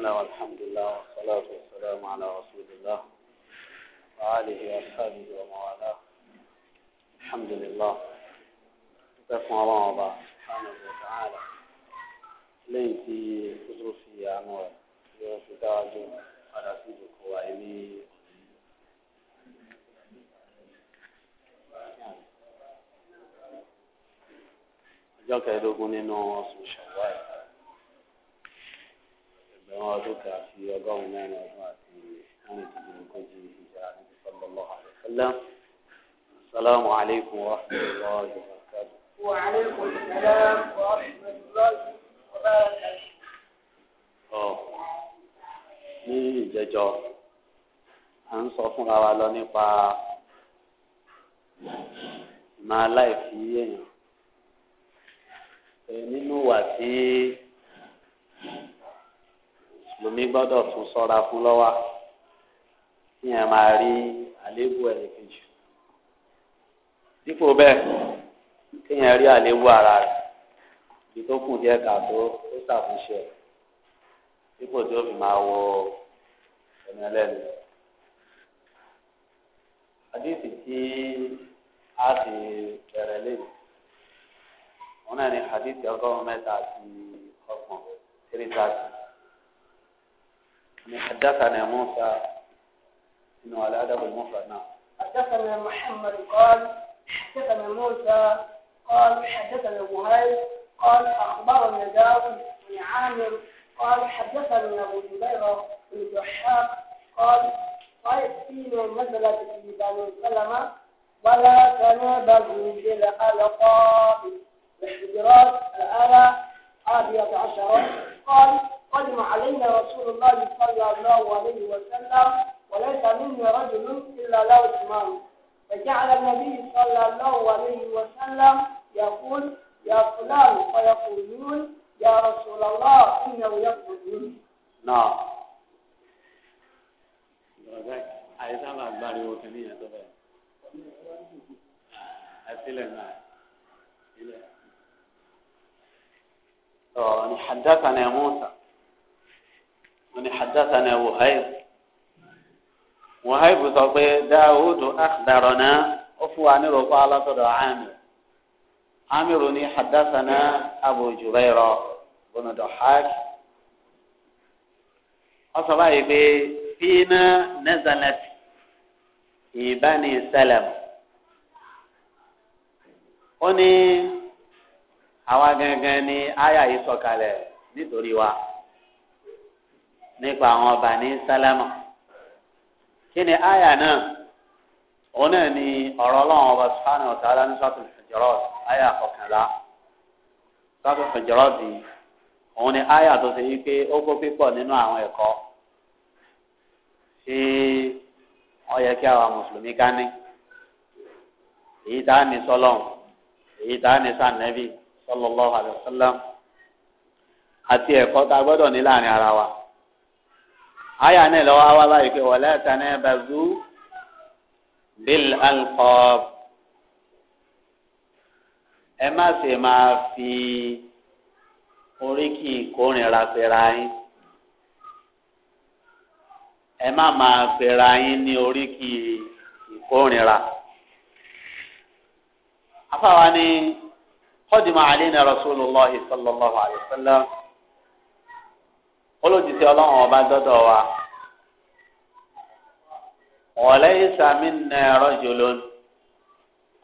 الله والحمد لله والصلاة والسلام على رسول الله اله وأصحابه وموالاه الحمد لله بسم الله سبحانه وتعالى lẹ́yìn tí kúrò fi àánú rẹ̀ tí wọ́n fi dáwájú níwọ̀n ọdún kan àti ọgọ́rùn-ún mẹ́rin ọdún àti àrùndínlógún kan ju ìjà àti sallallahu alaihi wasallam. السلام عليكم ورحمة الله وبركاته وعليكم السلام ورحمة الله وبركاته ní ìjẹjọ à ń sọ fúnra wa lọ nípa máa láìfi èèyàn nínú wà tí mùsùlùmí gbọ́dọ̀ tún ṣọ́ra fún lọ́wọ́ kí ẹ máa rí àléébù ẹnì kejì dípò bẹ́ẹ̀ kí ẹ rí àléébù ara rẹ̀ ibi tó kù díẹ̀ kàtó ó ṣàfihàn dípò tí ó fi máa wọ ẹ̀mí ẹlẹ́nu. àdìsí tí a ti bẹ̀rẹ̀ lẹ́nu wọn náà ní àdìsí ọgọ́rùn-ún àti ọgbọ̀n tírí حدثنا موسى انه على ادب المفرد نعم حدثنا محمد قال حدثنا موسى قال حدثنا ابو قال اخبرنا داود بن عامر قال حدثنا ابو جبيره بن الضحاك قال طيب فينا نزلت في بني سلمه ولا تنابذوا بالالقاب الحجرات الاله هذه عشره قال قدم علينا رسول الله صلى الله عليه وسلم وليس منا رجل إلا له إمام فجعل النبي صلى الله عليه وسلم يقول يا فلان فيقولون يا رسول الله إنه يقول نعم àìsàn máa gbariwo حدثنا موسى wọ́n ní hadathana wahayb wahayb sọ pé dáhùdù akhbarana ó fún wa nírò pa alátọ̀dọ̀ amir amir ní abu jurayra bùnú dọ̀hák wọ́n sọ báyìí pé fínà ní nípa àwọn ọba ní sálámà kí ni àyà náà òun náà ni ọ̀rọ̀ ọlọ́run ọba sùpánì ọ̀tá aláǹdí sọ́tún fìjọ́rọ́ọ̀tì àyà kọkànlá sọ́tún fìjọ́rọ́ọ̀tì òun ni àyà tó ṣe wípé ó kó pípọ̀ nínú àwọn ẹ̀kọ́ ṣé wọ́n yẹ kí àwa mùsùlùmí ká ní èyí tá a ní sọlọ́n èyí tá a ní sànẹ́bí sallallahu alaihi àti ẹ̀kọ́ tá a gbọ́dọ̀ ní láàrin ara wa àyà náà lọ́wọ́ àwa báyìí pé wala tanabazu bil alqab ẹ má ṣe máa fi oríkì ìkórìíra pera yín ẹ má máa pera yín ní oríkì ìkórìíra afáwa ni kọ́dìmọ̀ àlẹ́ ní rasulillah sallallahu alayhi wa sallam olùjíṣẹ́ ọlọ́run ọba dọ́dọ̀ wa wọ̀lẹ́ ìsàmì nà rajulun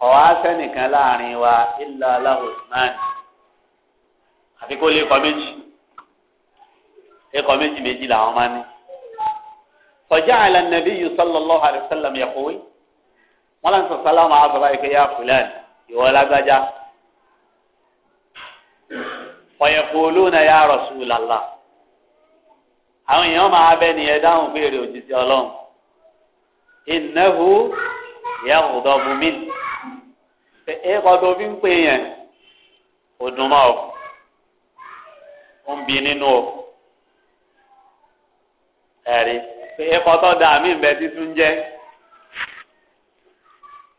ọ̀wá sẹ́nìkan láàrin wa illa lahu usman àti kó lè kọ́ méjì ẹ̀kọ́ méjì méjì làwọn máa ní. فجعل النبي صلى الله عليه وسلم يقول ولا انت سلام على ضبائك يا فلان ولا بجا فيقولون يا رسول الله àwọn èèyàn máa bẹ nìyẹn dáhùn béèrè òjijì ọlọ́run ìnáwó ìyá ọ̀dọ́ bùnmí ẹ kọ́dọ̀ fi ń pè yẹn òdùnmọ́ ọ ó ń bi nínú ọ ẹ̀rí ẹ kọ́tọ́ da àmì ìbẹ́ títún jẹ́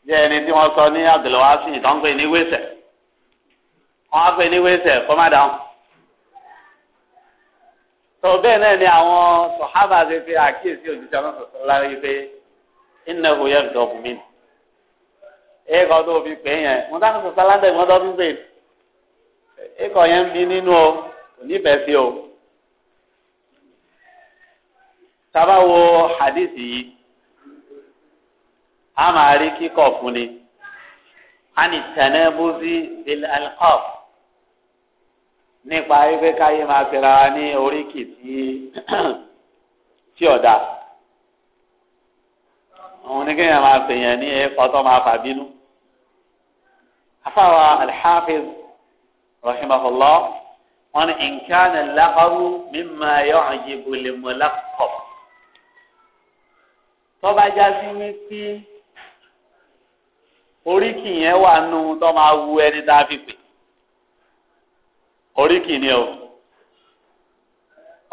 jẹ́ ẹni tí wọ́n sọ ní àgbẹ̀lọ́wá sí ìtàn pé ní á pè ní wẹ́sẹ̀ má dáhùn sọ bẹ́ẹ̀ náà ni àwọn sọ̀hábà ṣe fi àkíyèsí òjijì àwọn sọ̀tọ̀ lára yìí pé iná kò yẹ dọ̀bù mí. ẹ̀kọ́ tó fi pè é yẹn mo dáhùn sọ̀tọ̀ láńdẹ̀ mo dọ́dún pé ẹ̀kọ́ yẹn ń bí nínú o kò nífẹ̀ẹ́ sí o. sábà wo hadisi yìí a máa rí kíkọ̀ fún ni a ní tẹ̀lé bó sí ilẹ̀ alikọ́ọ̀fù nípa wípé káyé máa fira wa ní oríkì tí tí ọ̀dà òun ní kéèyàn máa fèèyàn ní ẹ̀kọ́ tó máa fà bínú. afáwa alḥafiz rahimahullah wọn ni nǹkan làkàrú mímọ ayọ àjẹbù lè mọ lápò tọ́ba jásí wípé oríkì yẹn wà nù tó máa wu ẹni tá a fi pè oríkì ni o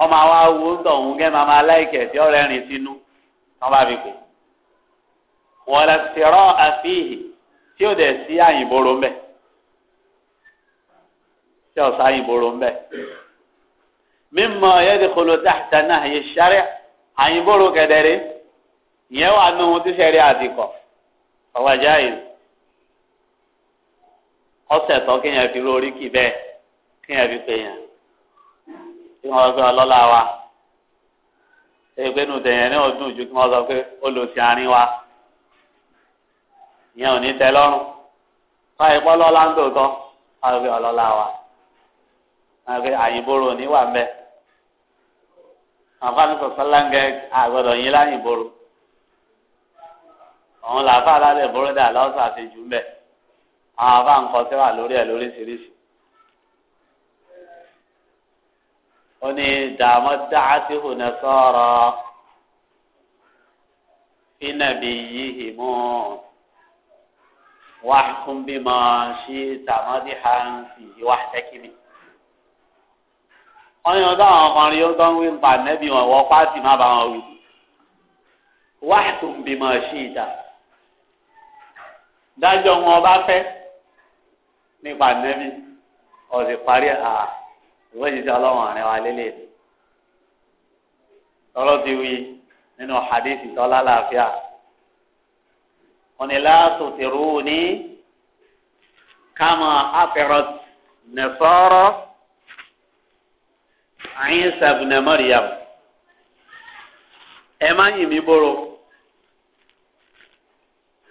ọmọ àwọn awo ń tọ̀hún gẹ́ máa máa láìkẹ̀ tí ọ̀rẹ́ rìn sínú wọ́n bá fi pè wọ́n lọ sí rán àfihì tí ó dẹ̀ sí àyìnbóró ń bẹ̀ tí ó sá àyìnbóró ń bẹ̀ mímọ yẹ́dẹ̀kọ́lọ́ táàtà náà yẹ sáré àyìnbóró kẹ̀dẹ̀rẹ́ ìyẹn wà nù ohun tí sẹ́rí àdìkọ̀ ọ̀wájà yìí ọ̀sẹ̀ tó kéèyàn lórí kì bẹ́ẹ̀ kéèyàn fi pè yàn kí wọ́n sọ ọlọ́lá wa ẹgbẹ́ nu tẹ̀yẹ̀ ní ọdún ju kí wọ́n sọ pé ó lò sí àárín wa ìyẹn ò ní tẹ́ lọ́rùn káyọ̀ pọ́ lọ́lá ń tòótọ́ káyọ̀ pé ọlọ́lá wa káyọ̀ pé àyìnbóró ní wà mbẹ́ àǹfààní sọ̀sọ́ láǹgẹ̀ àgbọ̀dọ̀ yín láyìnbóró òun làbá alálẹ̀ bóró dà lọ́sọ̀ àti àwọn àbá ń kọ́ sí lórí ẹ̀ ó ní dààmú dáhàtì hùnà sọ̀rọ̀ fínàbí yìí mú wàhùn bímọ sí tàmọ́dí hàǹfì wàhùtẹ́kìmí wọ́n yàn dá àwọn ọkùnrin yóò tán wí nípa nẹ́bí wọn wọ pàtì má bá wọn wí. wáhùn bímọ sí ìdá dájọ́ wọn ọba fẹ́ nípa nẹ́bí ọ̀sẹ̀ parí à ìwé ìṣiṣẹ́ ọlọ́run àárín wa lélẹ̀ tọ́lọ́ ti wí nínú hadithi tọ́lá làáfíà òní láàtò ti rú ní kama afẹ́rọt nẹ̀fọ́rọ́ àyín sàbùnà mọ́ríyàm ẹ má yìn mí bóró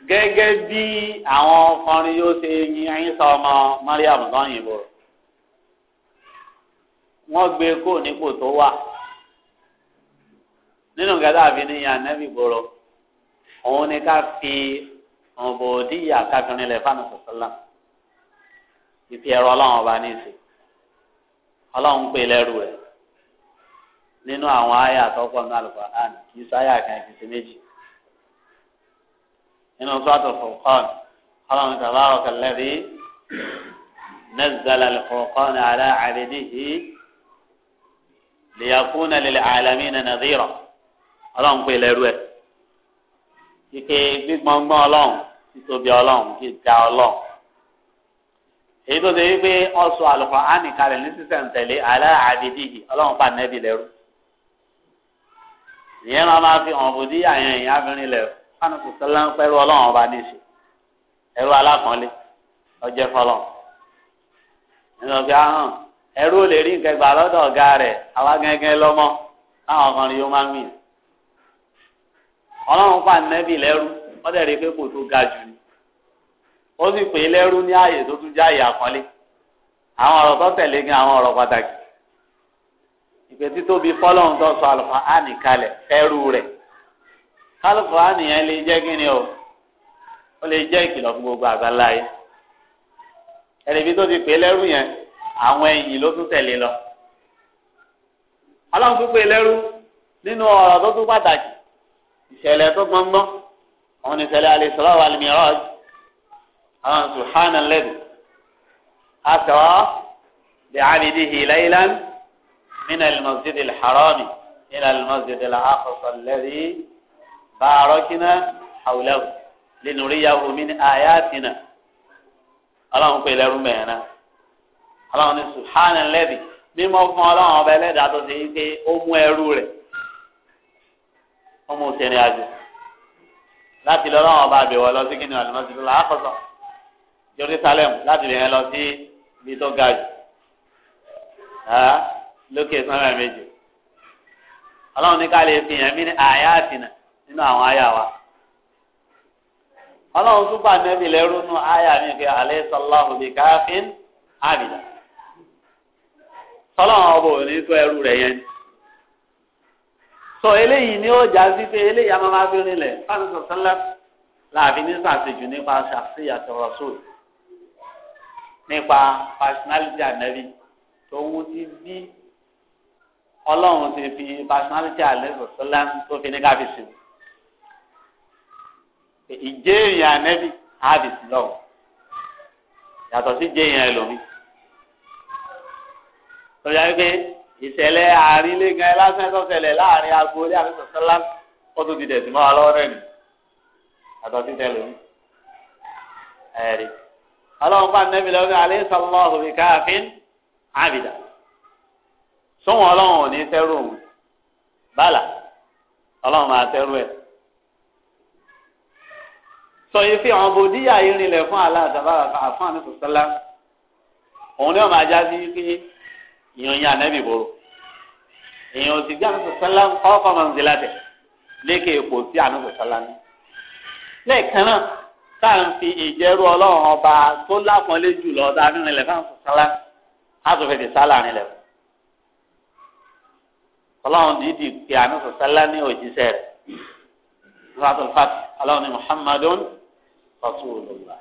gẹ́gẹ́ bí àwọn ọkùnrin yóò ṣe yin àyín sọ ọmọ mọ́ríyàm lọ́yìn bóró wọ́n gbé kó nípò tó wà nínú gàdá àbíníyàn nẹ́bí gbòòrò òun ni ká fi ọ̀bọ̀díyà káfíńrin lẹ̀ fáànù sọ̀sọ́lá ìfi ẹ̀rọ ọlọ́run ọba ní ìsìn ọlọ́run pè lẹ́rù rẹ̀ nínú àwọn àyà àtọ́pọ̀ ní Al-Qur'an kì í sáyà kan kì í sí méjì nínú Suratul Furqan ọlọ́run tabaraka alladhi nazzala al-Furqana ala 'abdihi. lèyàkúnà lè àlàmì nànà zírọ ọlọ́run pé lẹ́rú ẹ̀ kike títóbi ọlọ́run gíga ọlọ́run èyí tó ṣe wípé ọsọ àlùkò ánìkalẹ̀ ní sísẹ̀ǹtẹ̀lé aláàbídìhì ọlọ́run pa nẹ́bí lẹ́rú ìyẹn máa máa fi hàn bòdì àyàn ìyá abìnrin lẹ̀ fún kò ọba ẹrú nínú ẹrú ò lè rí nǹkan gbà lọ́dọ̀ ọ̀gá rẹ̀ lọ́mọ táwọn ọkùnrin yóò máa ń ọlọ́run pa nẹ́bì lẹ́rú wọ́n dẹ̀ rí pé kò tó ga jù ni. ó sì pè é lẹ́rú ní ààyè tó tún jáàyè àkọ́lé. àwọn ọ̀rọ̀ tó tẹ̀lé gan àwọn ọ̀rọ̀ pàtàkì. ìpè títóbi tó ni o ó lè jẹ́ ìkìlọ̀ fún gbogbo àgbáláyé. ẹ̀rẹ̀bí tó ti pè é lẹ́rú àwọn ẹ̀yìn ló tún tẹ̀lé lọ. ọlọ́run pípé lẹ́rú nínú ọ̀rọ̀ tó tún pàtàkì ìṣẹ̀lẹ̀ tó gbọ́ngbọ́n òun ni ìṣẹ̀lẹ̀ al-Isra wal-Mi'raj àwọn subhana alladhi asra bi'abdihi laylan mina al-masjid al-harami ila al-masjid al-aqsa alladhi barakna hawlahu linuriyahu min ayatina ọlọ́run pé lẹ́rú mẹ́rin náà ọlọ́run ní subhana lẹ́bi mímọ́ fún ọlọ́run ọba ẹlẹ́dàá tó ṣe wípé ó mú ẹrú rẹ̀ ó mú sẹ́ni àjò láti lọ ọlọ́run ọba àbẹ̀wò lọ sí kíni àlùmọ́sí tó làákọ́sọ́ Jerusalem láti lè yẹn lọ sí ibi tó ga jù lókè sánmà méjì ọlọ́run ní ká lè fi hàn mí ní àyà àtìnà nínú àwọn àyà wa ọlọ́run tún nẹ́bí lẹ́rú nù àyà mi kí alẹ́ sọláhùn bíi káfíń àbìdá tọ́lọ́wọ́n ọba ò ní tó ẹrú rẹ̀ yẹn. sọ eléyìí ni ó já sí pé eléyìí a máa máa fi rinlẹ̀ fáwọn sọ̀tàn lẹ́fù láàfin ní sàṣejù nípa ṣàṣeyàtì rasul nípa personality ànẹ́bí tòun ti bí ọlọ́run ti fi personality àlẹ́sọ̀sọ́lá tó fi ní káfíìsì ìjẹ́ èèyàn ànẹ́bí káfíìsì lọ́wọ́ yàtọ̀ sí jẹ́ èèyàn ẹlòmíì tọ́jà wípé ìṣẹ̀lẹ̀ àárín ilé gan lásán tó ṣẹlẹ̀ láàrin agboolé àfihàn sọ́lá ó tún ti dẹ̀sí mọ́ wa lọ́wọ́ náà nì àtọ̀ sí tẹ̀lé mi. ẹ̀rí ọlọ́run fún anẹ́mi lọ́wọ́ alẹ́ sọ́lá ọ̀hún káàfin ábìdá sọ́wọ́n ọlọ́run ò ní tẹ́rù òun bálà ọlọ́run máa tẹ́rù ẹ̀ sọ yìí fi àwọn bòdíyà irinlẹ̀ fún aláàtàbára fún àfọ̀n àfọ̀n òun ni wọ́n máa já sí pé ìyẹn yẹn ànábì boro èèyàn òsì gbé ànábì sọlá ọkọ mọ̀nsílá tẹ̀ lékè èkó sí ànábì sọlá ní. lẹ́ẹ̀kan náà tá à ń fi ìjẹ́rú ọlọ́run ọba tó lápọ́nlé jù lọ tá a fi rìnlẹ̀ fáwọn sọlá á tó fẹ́ ti sálà rìnlẹ̀ fún. ọlọ́run dìídì pé ànábì sọlá ní òjíṣẹ́ rẹ̀ lọ́wọ́ fati aláwọn ni muhammadun rasulullah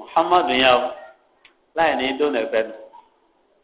muhammadun yẹn láì ní dóun ẹ̀fẹ́ nù.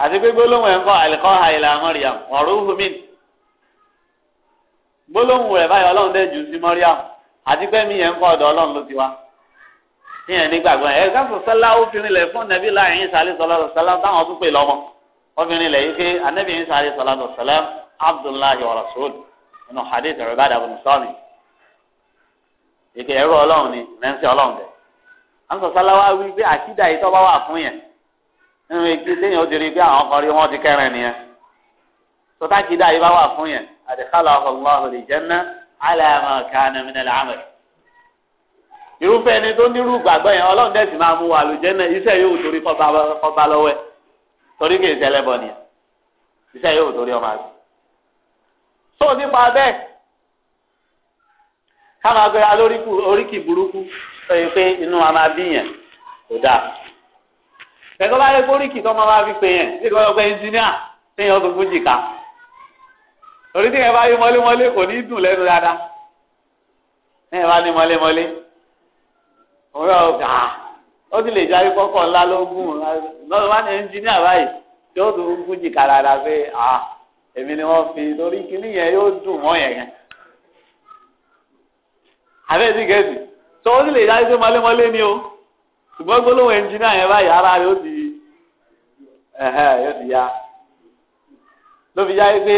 àti pé gbólóhùn ẹ̀ ń kọ́ àlìkọ́ àìlà mọ́ríàm ọ̀rọ̀ humin gbólóhùn rẹ̀ báyìí ọlọ́run dẹ̀ jù sí mọ́ríàm àti pé mi yẹn ń kọ́ ọ̀dọ̀ ọlọ́run ló ti wá ní ẹ̀ nígbàgbọ́ ẹ̀ káfọ́ sọ́lá ó fi rinlẹ̀ fún nàbí láàrin sàlẹ̀ sọ́lá sọ́lá táwọn tún pè lọ́mọ ó fi rinlẹ̀ yìí pé anábì ń sàlẹ̀ sọ́lá abdullahi wa rasul nínú hadith ribada bin sọ́ọ̀nì ìkẹyẹrú ọlọ́run ni rẹ́ńsì ọlọ́run dẹ̀ à ń sọ sọ́lá wá wí pé àkídà yìí tọ́ bá wà fún yẹn nínú igi téèyàn ó ti rí bí àwọn kan rí wọn ti kẹrin nìyẹn sọtá kìdá yìí bá wà fún yẹn àdìkálà ọlọ́run lè jẹ́ ná àlàmà kàánà mí nílẹ̀ àmì. irúfẹ́ ẹni tó nírú gbàgbọ́ yẹn ọlọ́run dẹ̀sí máa mú wa lò jẹ́ ná iṣẹ́ yóò torí kọ́ba lọ́wọ́ ẹ̀ torí kì í ṣẹlẹ̀ bọ̀ nìyẹn iṣẹ́ yóò torí ọmọ àti. sọ nípa bẹ́ẹ̀ ká máa gbéra lórí oríkì burúkú pé inú wa máa bí yẹn kò dáa tẹ̀tọ́ bá yẹ kórìkì tó máa bá fi pè yẹn bí ìgbà ọgbẹ́ ẹnjìníà tí yẹn ọdún fújì ká torí tí yẹn bá yí mọ́lémọ́lé kò ní dùn lẹ́nu dáadáa tí yẹn bá ní mọ́lémọ́lé òwúrọ̀ ọ̀gá ah! ó sì lè jáwé kọ́kọ́ ńlá ló gùn lọ́dọ̀ bá ní ẹnjìníà báyìí tí ó dùn fújì ká dáadáa pé à ah! èmi ni wọ́n fi torí kíní yẹn yóò dùn mọ́ yẹn yẹn àbẹ́ẹ̀ sì gẹ̀ẹ́sì tó ó sì lè jáwé sí mọ́lémọ́lé ni o ṣùgbọ́n gbólóhùn ẹnjìníà yẹn báyìí ara rẹ̀ ó ti yóò ti ya ló fi já yí pé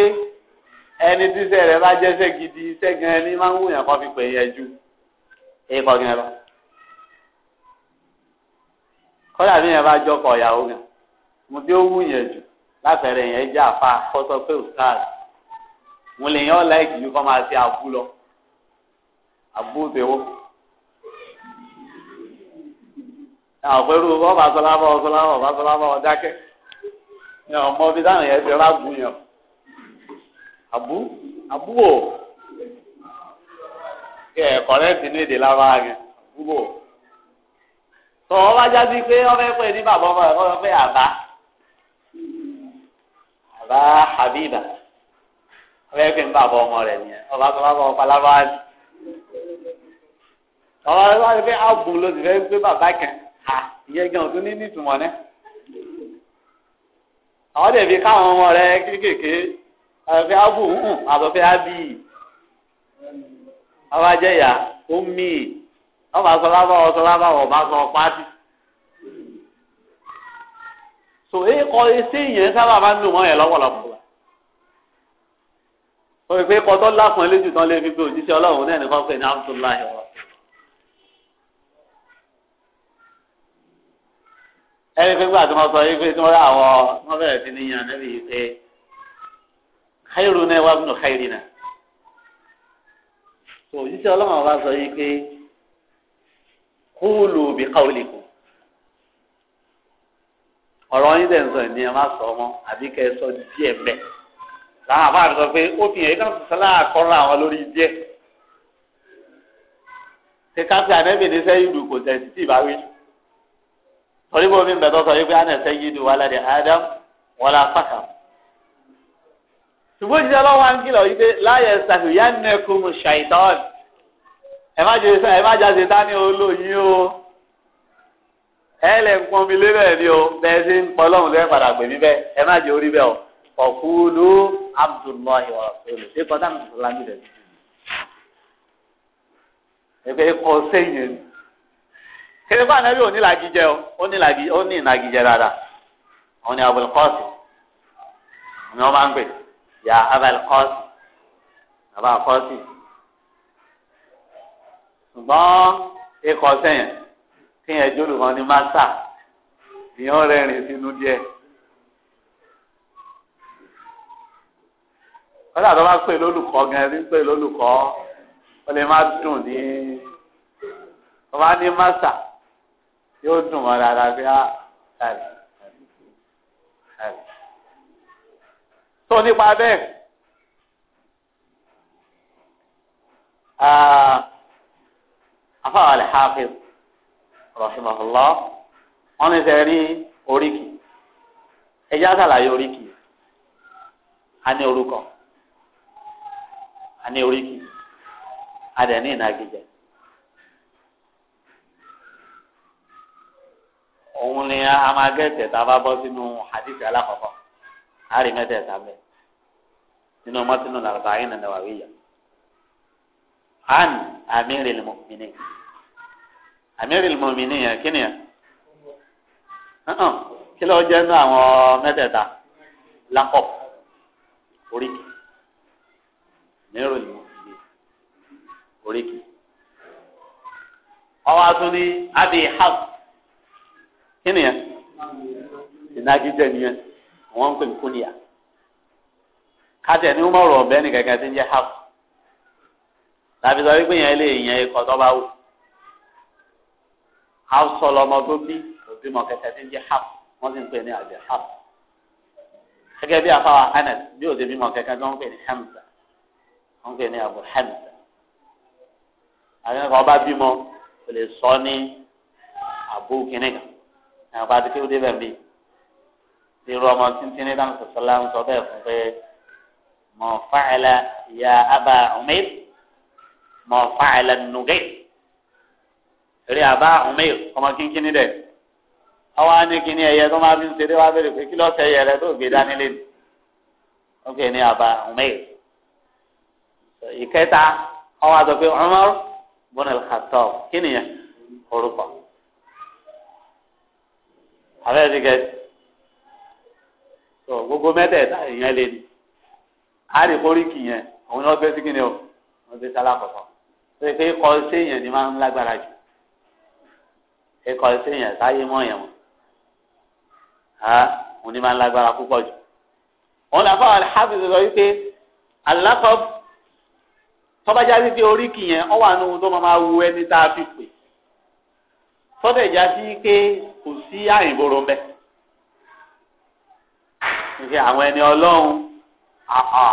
ẹni tí iṣẹ́ rẹ̀ bá jẹ́ iṣẹ́ gidi iṣẹ́ gan ẹni máa ń wùyàn kan fi pè yẹn ju èyí kọ́ gan lọ. kọ́dà bí yẹn bá jọkọ̀ ìyàwó gan mo tí ó wùyàn jù látẹ̀rẹ̀ yẹn jẹ́ àfa kọ́sọ́ pé ustaz mo lè yàn láìkì ju kọ́ máa ṣe àbú lọ àbú tèwọ́. àwọn pẹ̀lú ọba sọlá bọ̀ sọlá bọ̀ ọba sọlá bọ̀ ọdákẹ́ ní ọmọ bíi táwọn yẹn ti rábù yàn àbú àbúwò kẹ kọrẹ́ǹtì ní èdè lábára yẹn àbúwò tọ́ ọ bá jáde pé ọbẹ̀ pẹ̀ ní bàbá ọmọ rẹ̀ kọ́ pé àbá àbá Habiba ọbẹ̀ pẹ̀ ní bàbá ọmọ rẹ̀ nìyẹn ọba tó bá bọ̀ ọ̀pá lábára ni ọba tó bá ti pé àbù ló ti fẹ́ gbé bàbá kan ìyẹn gan tó ní nítumọ̀ náà àwọn dẹ̀bi káwọn ọmọ rẹ kéékèèké àbẹ̀fẹ́ abu hùn àbẹ̀fẹ́ abi ọba jẹ̀yà omi ọba sọlábà ọsọlábà ọba sọ pátì. tò é kọ ẹsẹ̀ yẹn sábà máa ń dùn mọ́ yẹn lọ́pọ̀lọpọ̀ wa. o rò pé kọ́tọ́ lápọn lójú tán lè fi pé òjíṣẹ́ ọlọ́run náà nìkan pè ní Abdullahi wa. ẹni pé gbàtí wọn sọ yìí pé tí wọn àwọn wọn bẹ̀rẹ̀ sí ní yan níbi yìí pé khairu náà wà nù khairu náà tó òjíṣẹ́ ọlọ́run wa sọ yìí pé kúlù bí káwọlìkù ọ̀rọ̀ yín dẹ̀ ń sọ ní ẹ má sọ ọmọ àbí kẹ́ ẹ sọ díẹ̀ bẹ́ẹ̀ làwọn àbá àti sọ pé ó fi hàn yìí kan sọ láàkọ́rọ̀ àwọn lórí díẹ̀ ṣe káfíà nẹ́bìnrin sẹ́yìn ìlú kò tẹ̀ sí ìbáwí oríbo mi bẹ̀tọ̀ sọ yìí pé àná sayyidu waladi Adam wala fàkà. ṣùgbọ́n jíjẹ́ ọlọ́wọ́ ń kìlọ̀ yìí pé láyé sàkóyánẹ́kùn ṣàìtọ́n ẹ má jẹ ẹ má jẹ àṣetá ní olóyin o ẹ lẹ ń pọn mi lébẹ̀ ni o bẹ́ẹ̀ sí ń pọn lọ́hùn lẹ́yìn padà pè mí bẹ́ẹ̀ ẹ má jẹ orí bẹ́ẹ̀ o ọ̀kúlù abdullahi wa rasuluhu ṣé kọ́ kéde fún anabi òní làgìjẹ o òní làgìjẹ òní làgìjẹ dáadáa òní abul qasim ni wọn máa ń pè ya abul qasim bàbá qasim ṣùgbọ́n ikọ̀ sẹ́yìn kéèyàn jólù kan ní masa ìyẹn rẹ́rìn sínú díẹ̀. wọ́n dàbí bá pè lólùkọ́ gan ẹni pè lólùkọ́ ó lè má dùn ní wọ́n ní masa yóò dùn wọn rárá bí a kàlí kàlí. tó nípa bẹ́ẹ̀ afáwọn alhafiz rahimahullah wọn ní sẹ ní oríkì ẹjẹ àṣàlàyé oríkì a ní orúkọ a ní oríkì a dẹ̀ ní ìnagijẹ. òun ni a máa gẹ̀ẹ́sẹ̀ tá a bá bọ́ sínú hadith alákọ̀ọ́kọ́ a rí mẹ́tẹ̀ẹ̀ta bẹ́ẹ̀ nínú mọ́tínú làrúbá ayé nàdà wà wíyà an amiril mu'minin amiril mu'minin yẹn kí ni yẹn kí ló jẹ́ nínú àwọn mẹ́tẹ̀ẹ̀ta lakọ̀ oríkì amiril mu'minin oríkì ọwọ́ atúní abi hafs kí ni yẹn ìnagijẹ nìyẹn wọn ń pè ní kúnìyà kájẹ ní wọn rọ ọbẹ ní kẹkẹ tí ń jẹ haf tàbí sọ wípé yẹn lè yẹn ikọ tó bá wù haf sọlọ ọmọ tó bí òbí mọ kẹkẹ tí ń jẹ haf wọn sì ń pè ní àjẹ haf gẹ́gẹ́ bí afáwa Anas bí òde bímọ kẹkẹ tó ń pè ní Hamza wọn ń pè ní Abu Hamza àwọn ọba bímọ kò lè sọ ní àbú kìnìkan àwọn bá ti fi dé bẹ̀ẹ̀ bí irú ọmọ títí ní dáhùn sọ̀sọ́lá ń sọ bẹ́ẹ̀ fún pé mọ̀ fáìlà ya abba umair mọ̀ fáìlà nùgẹ́ rí abba umair ọmọ kínkínní dẹ̀ ọwọ́ á ní kíní ẹ̀yẹ tó máa fi ń ṣeré wá bèrè pé kí lọ́ọ́ sẹ́yẹ rẹ tó gbé dání lé ní ó gbé ní abba umair ìkẹta ọwọ́ àtọ́ pé Umar bun al-Khattab kí orúkọ abẹ́rẹ́ ti gẹ̀ẹ́sì tó gbogbo mẹ́tẹ̀ẹ̀ta èèyàn lé ní àárí kórìkì yẹn òun ni wọ́n gbé sí kíni o wọ́n gbé sálá kọ̀tọ̀ pé pé kọ́ séèyàn ni máa ń lágbára jù pé kọ́ séèyàn sáyé mọ́ yẹn mọ́ òun ni máa ń lágbára púpọ̀ jù òun làbọ̀ alhafi sọ wípé alákọ̀ọ́ tọ́bajá wípé oríkì yẹn ọ wà nínú tó máa wu ẹni tá a fi pè tọ́tẹ̀ já sí pé kò sí àyìnbóró ń bẹ. ìṣe àwọn ẹni ọlọ́run àhà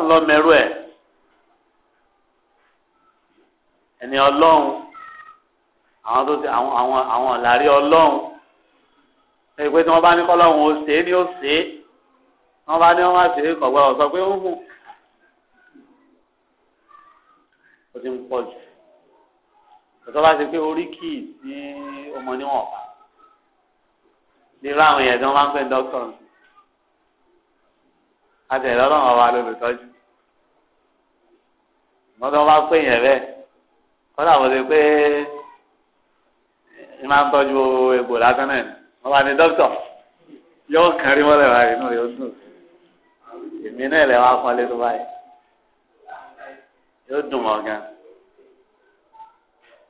ọlọ́run lọ mẹ́rù ẹ̀ ẹni ọlọ́run àwọn tó ti àwọn àwọn àwọn ọ̀làrí ọlọ́run ẹ pé tí wọ́n bá ní kọ́lọ́run ó ṣe é ní ó ṣe é wọ́n bá ní wọ́n má ṣe é kọ̀gbọ́n ọ̀sọ́ pé ó hùn ó ti ń pọ̀ jù tọ́tọ́ bá ti pé orí kì í sí ọmọ níwọ̀n pa nírú àwọn èèyàn tí wọ́n máa ń pè ní dókítà ń sùn àtẹ̀lẹ́ ọlọ́run ọba lólùtọ́jú mọ́tò bá pè yẹn bẹ́ẹ̀ kọ́dà mo ti pé ẹ máa ń tọ́jú egbò lásán náà wọ́n bá ní dókítà yóò kàn rí mọ́lẹ̀ wá inú rẹ̀ dùn èmi náà lè wá pọ́nlé tó báyìí yóò dùn mọ́ gan-an.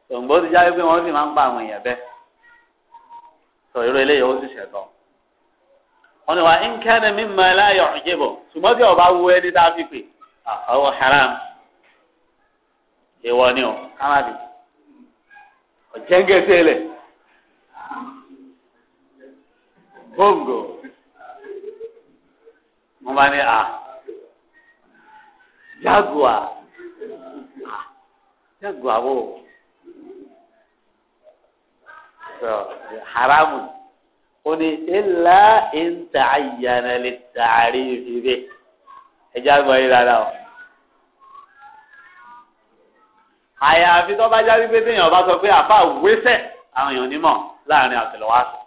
tòǹbó ti jáwé pé wọ́n sì máa ń pa àwọn èèyàn bẹ́ẹ̀ sọ irú eléyìí ó sì ṣẹ̀tọ́ wọ́n ní wa ń kẹ́ni mímọ ẹláyọ̀ ìjẹ́bọ̀ o tí ọba wu ẹni tá a fi haram ìwọ ni ọ kámádì ọ̀jẹ̀ǹgẹ̀sẹ̀ lẹ̀ bóńgò wọ́n a. ní à jaguar jaguar haramu ó ní ilà ìntà àyànnàlè tààrí ìfìdí ẹjẹ àgbọ̀ yìí rárá o. àyàfi tó bá jáde pé téèyàn bá sọ pé àfa wéṣẹ àwọn èèyàn nímọ̀ láàrin àtẹlẹwà sọ.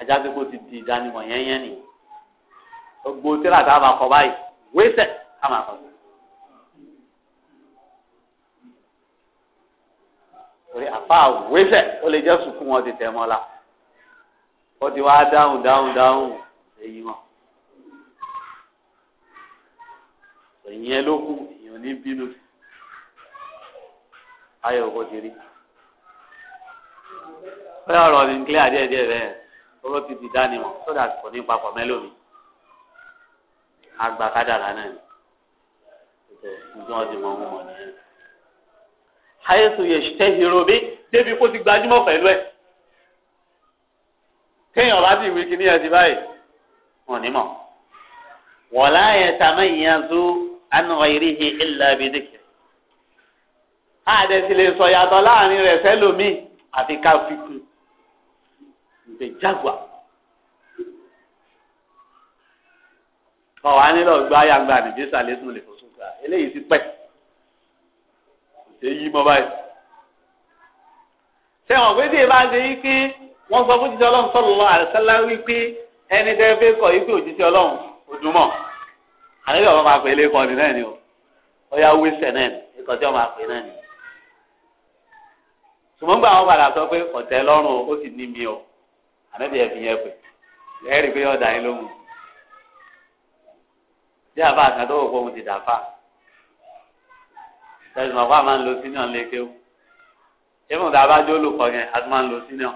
ajá pé kó ti di ìdánimọ̀ yẹ́nyẹ́ gbogbo tíra tá máa kọ báyìí wéṣẹ̀ ká kọ sí. torí àfa àwésẹ̀ ó lè jẹ́ sùkú wọn ti tẹ̀ mọ́ la ó ti wá dáhùn dáhùn dáhùn èyí wọn. ìyẹn ló kù èèyàn ní bínú ayọ̀ kò ti rí. bóyá ọ̀rọ̀ ní kílẹ̀ àdéhùn rẹ̀ owó ti ti dánimọ̀ sódà kò ní papọ̀ mẹ́lòmí agbàkádàrà náà ni ìjọ ọdún ọmọ nìyẹn hayẹ́sù yẹ̀ṣẹ̀ hirobi débi kó ti gbajúmọ̀ pẹ̀lú ẹ̀ kéèyàn bá ti wí kíní ẹ̀ ti báyìí wọn ni mọ̀ wọ́n láyẹ̀ tàmí ìyànzú ànàwọ̀ ìrìhì ìlà bìdìkì àdẹ̀sí lè sọ yàtọ̀ láàrin rẹ̀ sẹ́lòmíì àfi ká fi kú ìgbẹ́ jágùá. ọ̀hánilọ́gbà yàgbà nìgbésà lẹ́sùn lè fọ́sùn gbà eléyìí ti pẹ́ èyí mọ báyìí. sẹ́wọ̀n pé tí ìbá ṣe yí pé wọ́n sọ fún jíjẹ́ ọlọ́run sallallahu alaihi wasallam wípé ẹni tẹ́ fẹ́ kọ̀ yí pé òjíṣẹ́ ọlọ́run òdùmọ̀ àlejò ọmọ máa pè é lẹ́kọ̀ọ́ ni náà ni o ọyá wíṣẹ̀ náà ni ikọ̀ tí ọmọ máa pè náà ni. ṣùgbọ́n gbà wọn padà sọ pé ọ̀tẹ̀ lọ́rùn ó sì ní mi o ànábì ẹ̀ yẹn pè ẹ̀ rí i pé yín lóhùn. bí àbá àtàdọ́wọ̀ lẹ́sìn ọ̀pá máa ń lo senior lékè o ìfún tá a bá jó olùkọ́ yẹn a ti máa ń lo senior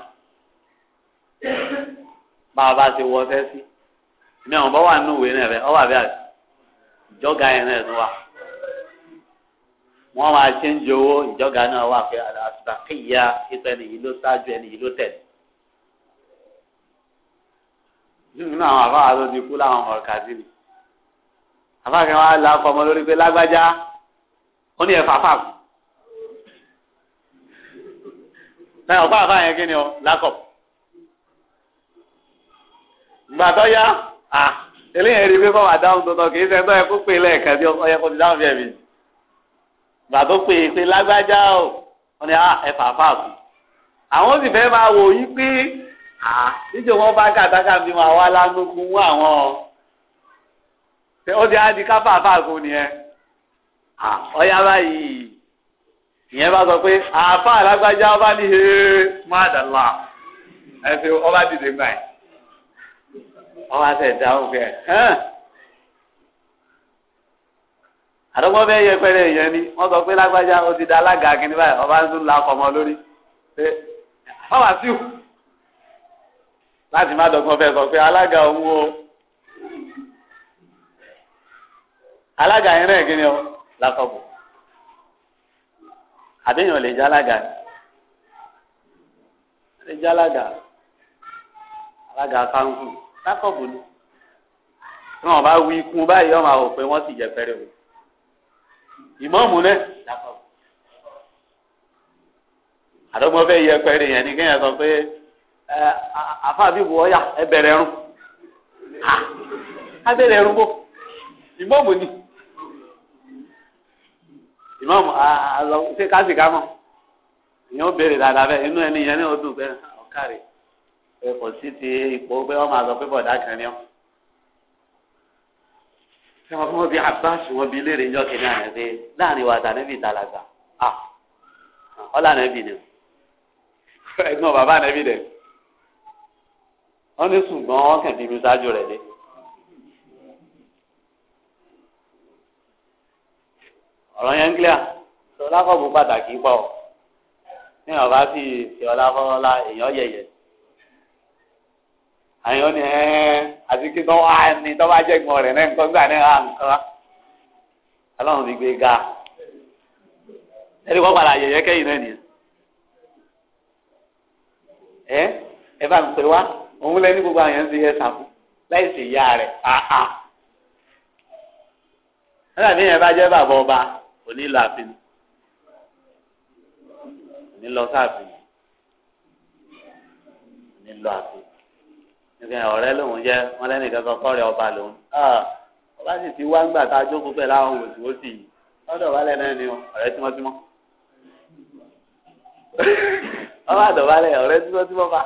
bá a bá ti wọ sẹ́sì ìmí àwọn bọ́ wà nínú ìwé náà rẹ ọwọ́ àbí àti ìjọga yẹn náà tún wà wọ́n máa ṣe ń jẹ owó ìjọga náà wà pé àtàkì ìyá ìtọ́ ẹni ló ṣáájú ẹni ló tẹ̀lé nínú àwọn àfáà tó ti kú láwọn ọ̀rọ̀ kàdí ni kan wá la ọkọ̀ ọmọ lórí pé lágbájá wọ́n ní ẹ̀fà fáàkù náà ọ̀pá àfáà yẹn kí ni ọ lákọ̀ gbàtọ́ yá à eléyìí rí pé kọ́ wà tó tán kì í ṣe ẹgbẹ́ ẹkú pé lẹ́ẹ̀kan tí ọyẹ kò ti dáhùn bí ẹ̀mí gbàtọ́ pé pé lágbájá o wọ́n ní ẹ̀fà fáàkù àwọn sì fẹ́ máa wò yí pé níjẹ́ wọ́n bá kàtàkà bí wọn àwa lánàá kún àwọn ó ti á di káfà fáàkù nìyẹn. ọya báyìí ìyẹn bá sọ pé àáfà alágbájá ọba ní he mádàlá ẹsẹ ọba dìde gbà ọba tẹ dáhùn kẹ àdókò bẹ́ẹ̀ yẹ pẹ́rẹ́ ìyẹn ni wọ́n sọ pé lágbájá ó ti da alága alaga báyìí ọba tún la ọkọ̀ ọmọ ọba síw láti má dọ̀gbọ́n sọ pé alága òun o alága lásọ̀bù àbẹ́yàn lè jálága lè jálága alága sáńkù ni tí bá wí ikú báyìí ọmọ òpin wọn sì jẹ pẹ́rẹ́ o ìmọ̀ọ́mù náà lásọ̀bù fẹ́ yẹ pẹ́rẹ́ yẹn ni kéèyàn sọ pé àfáàbí ẹrún bò ìmọ̀ọ́mù ni. nọọmù àlọ ṣé káàsì ká mọ ìyẹn ó béèrè dáadáa bẹ́ẹ̀ inú ẹni yẹn ní ọdún pé ọkàrẹ pé kò sí ti ipò pé wọn máa sọ pé bọdá kan ni ọ ṣé wọn fún wọn bí Abbas wọn bí léèrè ńjọ kìnìún àná pé láàrin wa tà níbi ìdálàgbà à ọlà nẹbi ni ẹ̀gbọ́n bàbá nẹbi dẹ wọn ní ṣùgbọ́n wọn kàn fi mi ṣáájú rẹ dé. ọ̀rọ̀ yẹn ń clear sọ lákọ̀ọ́bù pàtàkì pọ̀ ní ọ̀bá sì ṣe ọlá èèyàn yẹ̀yẹ̀ àyàn ni ẹ̀ẹ́n àti kí tọ́wọ́ àní tọ́wọ́ ajẹ́gbọ̀n rẹ̀ náà nǹkan gbà náà nǹkan ọlọ́run ti gbé ga ẹni wọ́n padà yẹ̀yẹ́ kẹ́yìn náà nìyẹn ẹ ẹ bá mi pè wá òun lẹ́ni gbogbo àyàn ń yẹ sàkó láì ṣèyá rẹ̀ àà nígbà tí yẹn bá jẹ́ bàbá ọba onílàfin onílọsàfin onílọàfin nígbà ọ̀rẹ́ lòun jẹ́ wọn lẹ́nìkan kan kọ́rẹ́ ọba lòun ọba sì ti wá ńgbà tá a jókòó pẹ̀lú àwọn wòsíwòsì yìí lọ́dọ̀ wálẹ̀ náà ni ọ̀rẹ́ tímọ́tímọ́ ọba àdọ̀bálẹ̀ ọ̀rẹ́ tímọ́tímọ́ bá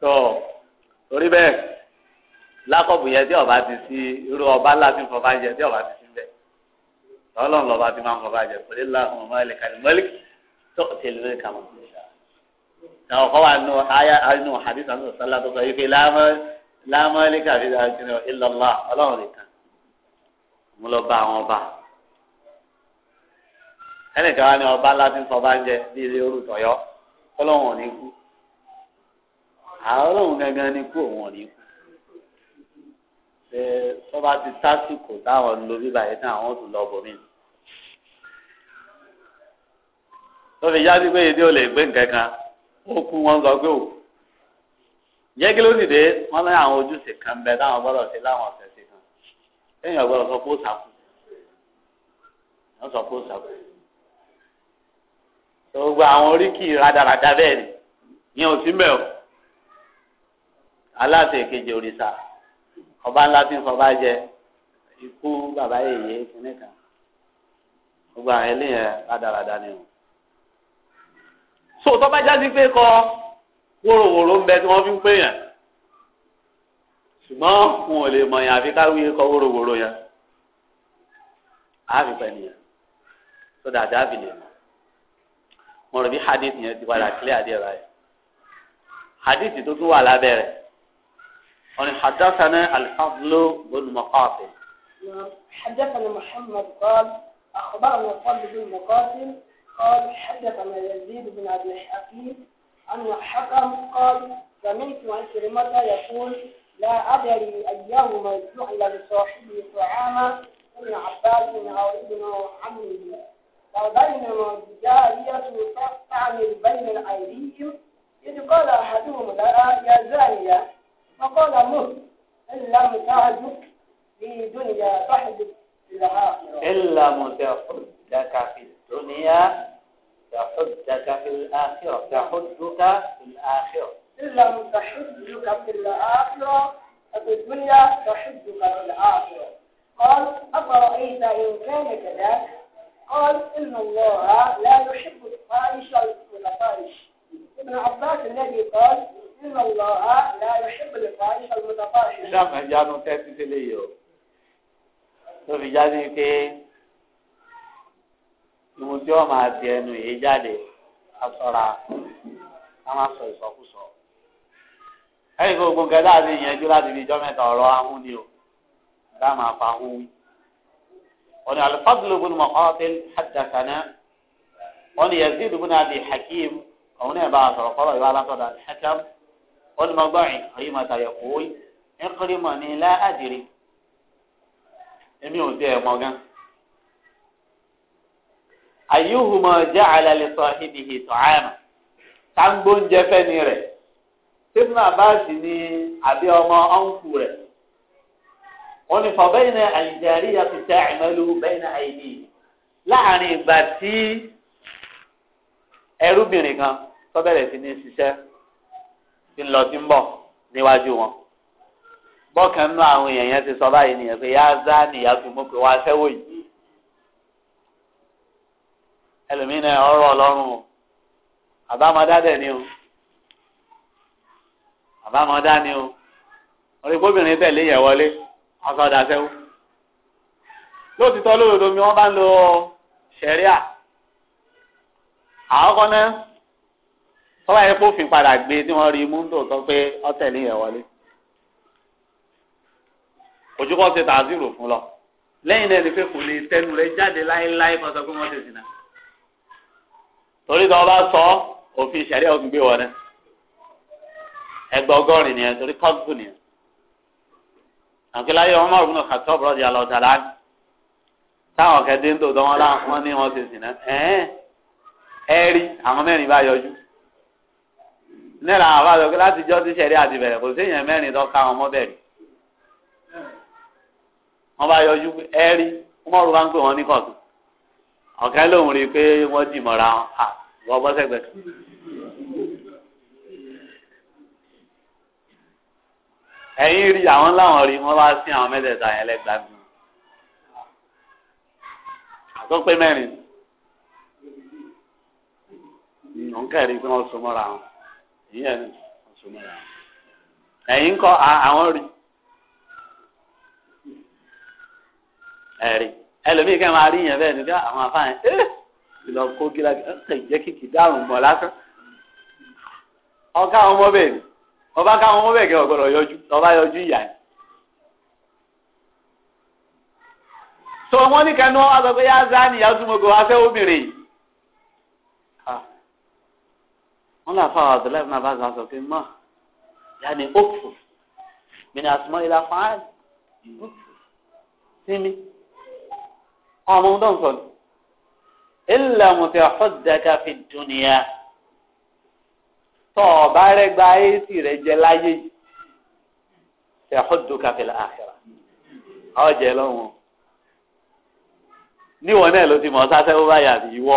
tọ̀ torí bẹ́ẹ̀ lákọ̀bù yẹn tí ọba ti sí irú ọba láti fọba jẹ tí ọba ti sí bẹ́ẹ̀ ọlọ́run lọ́ba ti máa ń fọba jẹ pẹ̀lú láàfin ọmọ ẹ̀lẹ́ kàlí mọ́lík tó ti lè lè kàmọ́ tó ṣá. àwọn kan wà nù ayá nù hadith àti sàlá tó sọ yìí pé láàmọ́lík àfi ìlọ́lá ọlọ́run lè kàn mo lọ bá àwọn ọba. ẹnìkan wá ní ọba láti fọba jẹ bí ilé orúkọ ọlọ́run ò ní kú pé tó bá ti tásìkò táwọn lo bíbá yìí tán àwọn tún lọ bòmí. tó fi yá sí pé èdè ò lè gbé nǹkan kan ó kú wọn sọ pé ò jẹ́ kí ló sì dé wọ́n lé àwọn ojúṣe kan bẹ táwọn gbọ́dọ̀ ṣe láwọn ọ̀sẹ̀ sí kan èèyàn gbọ́dọ̀ sọ pé ó sàkú sọ pé ó gbogbo àwọn oríkì rádaràda bẹ́ẹ̀ ni ìyẹn ò sí mẹ́ o aláṣẹ ìkejì òrìṣà ọba ńlá tí ń fọba jẹ ikú bàbá yèyé kìnnì kan gbogbo àwọn eléyẹn rádaràda ni o. so tọ́ba jáde pé kọ wóróworó ń bẹ tí wọ́n fi ń pè yàn ṣùgbọ́n wọn ò lè mọ̀ yàn àfi ká wíyé kọ wóróworó yẹn àáfi pẹ̀lú yẹn tó dáadáa fi lè mọ̀ wọn rò bí hadith yẹn ti padà clear díẹ̀ báyìí hadith tó tún wà lábẹ́ rẹ̀. قال حدثنا الفضل بن مقاتل نعم. حدثنا محمد قال أخبرنا الفضل بن مقاتل قال حدثنا يزيد بن عبد الحكيم أن الحكم قال سمعت عكرمة يقول لا أدري أيهما جعل لصاحبه طعاما ابن عباس أو ابن عمه وبينما جارية تعمل بين أيديهم إذ قال أحدهم لها يا زانية فقال موسى إن لم تعد في دنيا تحدث إلا من تحدك في الدنيا تحدك في الآخرة تحدك في الآخرة إلا لم تحدك في الآخرة في الدنيا تحدك في الآخرة قال أفرأيت إن كان كذلك قال إن الله لا يحب أو والفاحش ابن عباس الذي قال Ìṣàmù ẹja nu tẹ́tí sílé yìí o. Tó fi jáde pé ìwọ̀n tí wọ́n máa di ẹnu yìí jáde aṣọra ká má sọ ìsọkúsọ. Ẹ̀yìn gbogbo nǹkan dáa ti yẹnjú láti fi ijọ́ mẹ́ta ọ̀rọ̀ ahun ni o. Dá máa fa ahun wí. Wọ́n ní alifásílẹ̀ bùnú mọ̀kọ́tẹ́ hàdàkànná. Wọ́n ní Yazid bùnú Abi Hakim. Òun náà bá a sọ̀rọ̀ kọ́lọ̀ ìwà alásọ̀dà Hakam. والمضاعي قيمة يقول اقرمني لا ma èmi ò tẹ ẹ mọ gan. àyùhùmọ̀ jẹ́ àlàlẹ́ sọ ìdìhì tọ́hánà táǹgbó ń jẹ fẹ́ni rẹ̀ tìmù àbáàsì ni àbí ọmọ ọ̀nkù rẹ̀ wọ́n ní fọ bẹ́ẹ̀ ni àyìnjárí àfìṣẹ́ àìmọ́lú bẹ́ẹ̀ ni àìdí láàrin ìgbà tí ẹrúbìnrin kan sí ní ṣiṣẹ́. tí ń lọ sí ń bọ̀ níwájú wọn bọ́ọ̀kan nínú àwọn èèyàn yẹn ti sọ báyìí nìyẹn pé yáa zá nìyá fi mú pé wàá sẹ́wọ̀ yìí ẹlòmínà ọ̀rọ̀ ọlọ́run o àbámọ́dá dẹ̀ ni o àbámọ́dá ni o orí gbóbìnrin tẹ̀lé yẹn wọlé ọ̀sọ̀dà sẹ́wọ̀ lóòtítọ́ lóòótọ́ mi wọ́n bá ń lo sẹ̀ríà àkọ́kọ́ náà tọ́wọ́ yẹn kó fi padà gbé tí wọ́n rí mú tó sọ pé ọ̀tẹ̀lì yẹn wọlé ojúkọ́ ti tàzírò fún lọ lẹ́yìn náà ni pé kò lè tẹnu rẹ jáde láéláé kó sọ pé wọ́n ti sìn náà torí tí wọ́n bá sọ òfin ìṣẹ̀lẹ̀ ọ̀gbìn gbé wọn náà ẹgbẹ́ ọgọ́rin nìyẹn torí kọ́ńtù nìyẹn àkíláyé ọmọ ògùn náà kàtọ́ bọ́ọ̀dì àlọ́ọ̀dà láàyè táwọn kẹ́dé ń tò dánwọ́n láwọn ní wọ́n ti sìn náà ẹ̀ẹ́n ẹ̀rí àwọn mẹ́rin bá yọjú nílà àwọn àgbẹ̀ láti jọ́ sí sẹ̀rí àti bẹ̀rẹ̀ kò séèyàn mẹ́rin tó ká wọn mọ́bẹ̀rẹ̀ wọ́n bá yọjú ẹ̀rí wọ́n rú bá ń pè wọ́n ní kọ̀tún ọ̀kẹ́ lòun rí i pé wọ́n dì mọ́ra wọn à wọ́n bọ́ sẹ́gbẹ̀. ẹ̀yin rí àwọn láwọn rí wọ́n bá sí àwọn mẹ́tẹ̀ẹ̀ta yẹn lẹ́gbàá mi àtọ́pẹ́ mẹ́rin nǹkan rí pé wọ́n so mọ́ra wọn. ìyẹn ọ̀ṣunmọ́ra àwọn rí ẹ̀rí ẹlòmíì kẹ́ máa rí yẹn bẹ́ẹ̀ nígbà àwọn afáàyàn ẹ́ ìlọ kó kìkì dáhùn lásán àwọn ọmọ ni ọba ká àwọn ọmọ bẹ́ẹ̀ yọjú ọba yọjú ìyá ni. tó ní zani yá obìnrin wọn là fáwọn àdúrà ìbùnà bá gbà sọ pé mọ yanni òkú gbìnà àtúmọ̀ ìlà fáàlì sinmi ọmọ ọdọ nǹkan ilà mùtẹ ọdẹka fi dùnìyà tọ ọba rẹ gba ayéṣì rẹ jẹ láyé tẹ ọdúnkà fi là àkàrà ọjẹ lọ́wọ́ níwọ náà ló ti mọ sáfẹ ó bá yà ìwọ.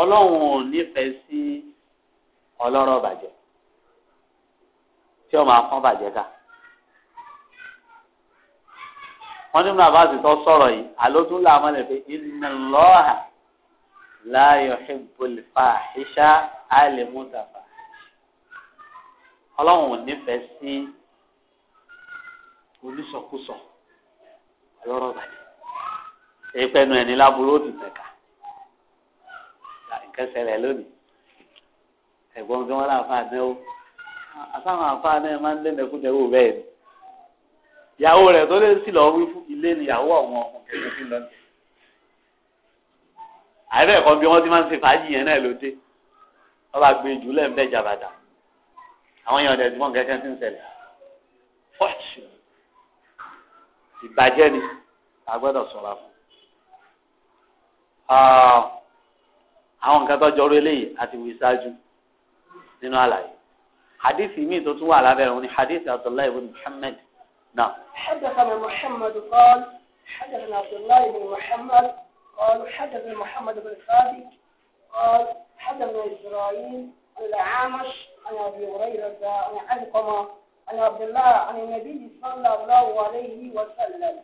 ọlọ́run ò nífẹ̀ẹ́ sí ọlọ́rọ̀ bàjẹ́ tí ó máa fọ́n bàjẹ́ ká. wọ́n ní bàbá àtìtọ́ sọ̀rọ̀ yìí àlótún làwọn lè fi inna Allaha la yuhibbul fahisha al-mutafahisha. ọlọ́run ò nífẹ̀ẹ́ sí onísọkúsọ ọlọ́rọ̀ bàjẹ́. èèpẹ̀ nu ẹni láburú ó ti tẹ̀ka kẹsẹ̀rẹ̀ lónìí ẹ̀gbọ́n bí wọ́n láǹfà náwó àtàwọn àǹfà náà máa ń lé mẹ́kúndẹ́wò bẹ́ẹ̀ ni ìyàwó rẹ̀ tó lè sì lọ́ọ́ wí fún ilé ni ìyàwó àwọn ọkùnrin fi lọ ní. àìbẹ̀ ẹ̀kọ́ bí wọ́n ti máa ń ṣe fàájì yẹn náà lóde wọ́n bá gbé jù lẹ́ẹ̀mbẹ́ jàbàdà àwọn èèyàn ọ̀dẹ̀ tí wọ́n kẹ́kẹ́ sí ń ṣẹlẹ̀ fọ́ọ̀tù ìbàjẹ́ ni a sọ̀rọ̀ fún àwọn nǹkan tó jọrọ eléyìí àti wí ṣáájú nínú àlàyé hadithi míì tó tún wà lábẹ́rẹ̀ wọn ni hadithi abdullahi ibn muhammad náà. حدثنا محمد قال حدثنا عبد الله بن محمد قال حدثنا محمد بن ثابت قال حدثنا اسرائيل الأعمش عن أبي هريرة عن علقمة عن عبد الله عن النبي صلى الله عليه وسلم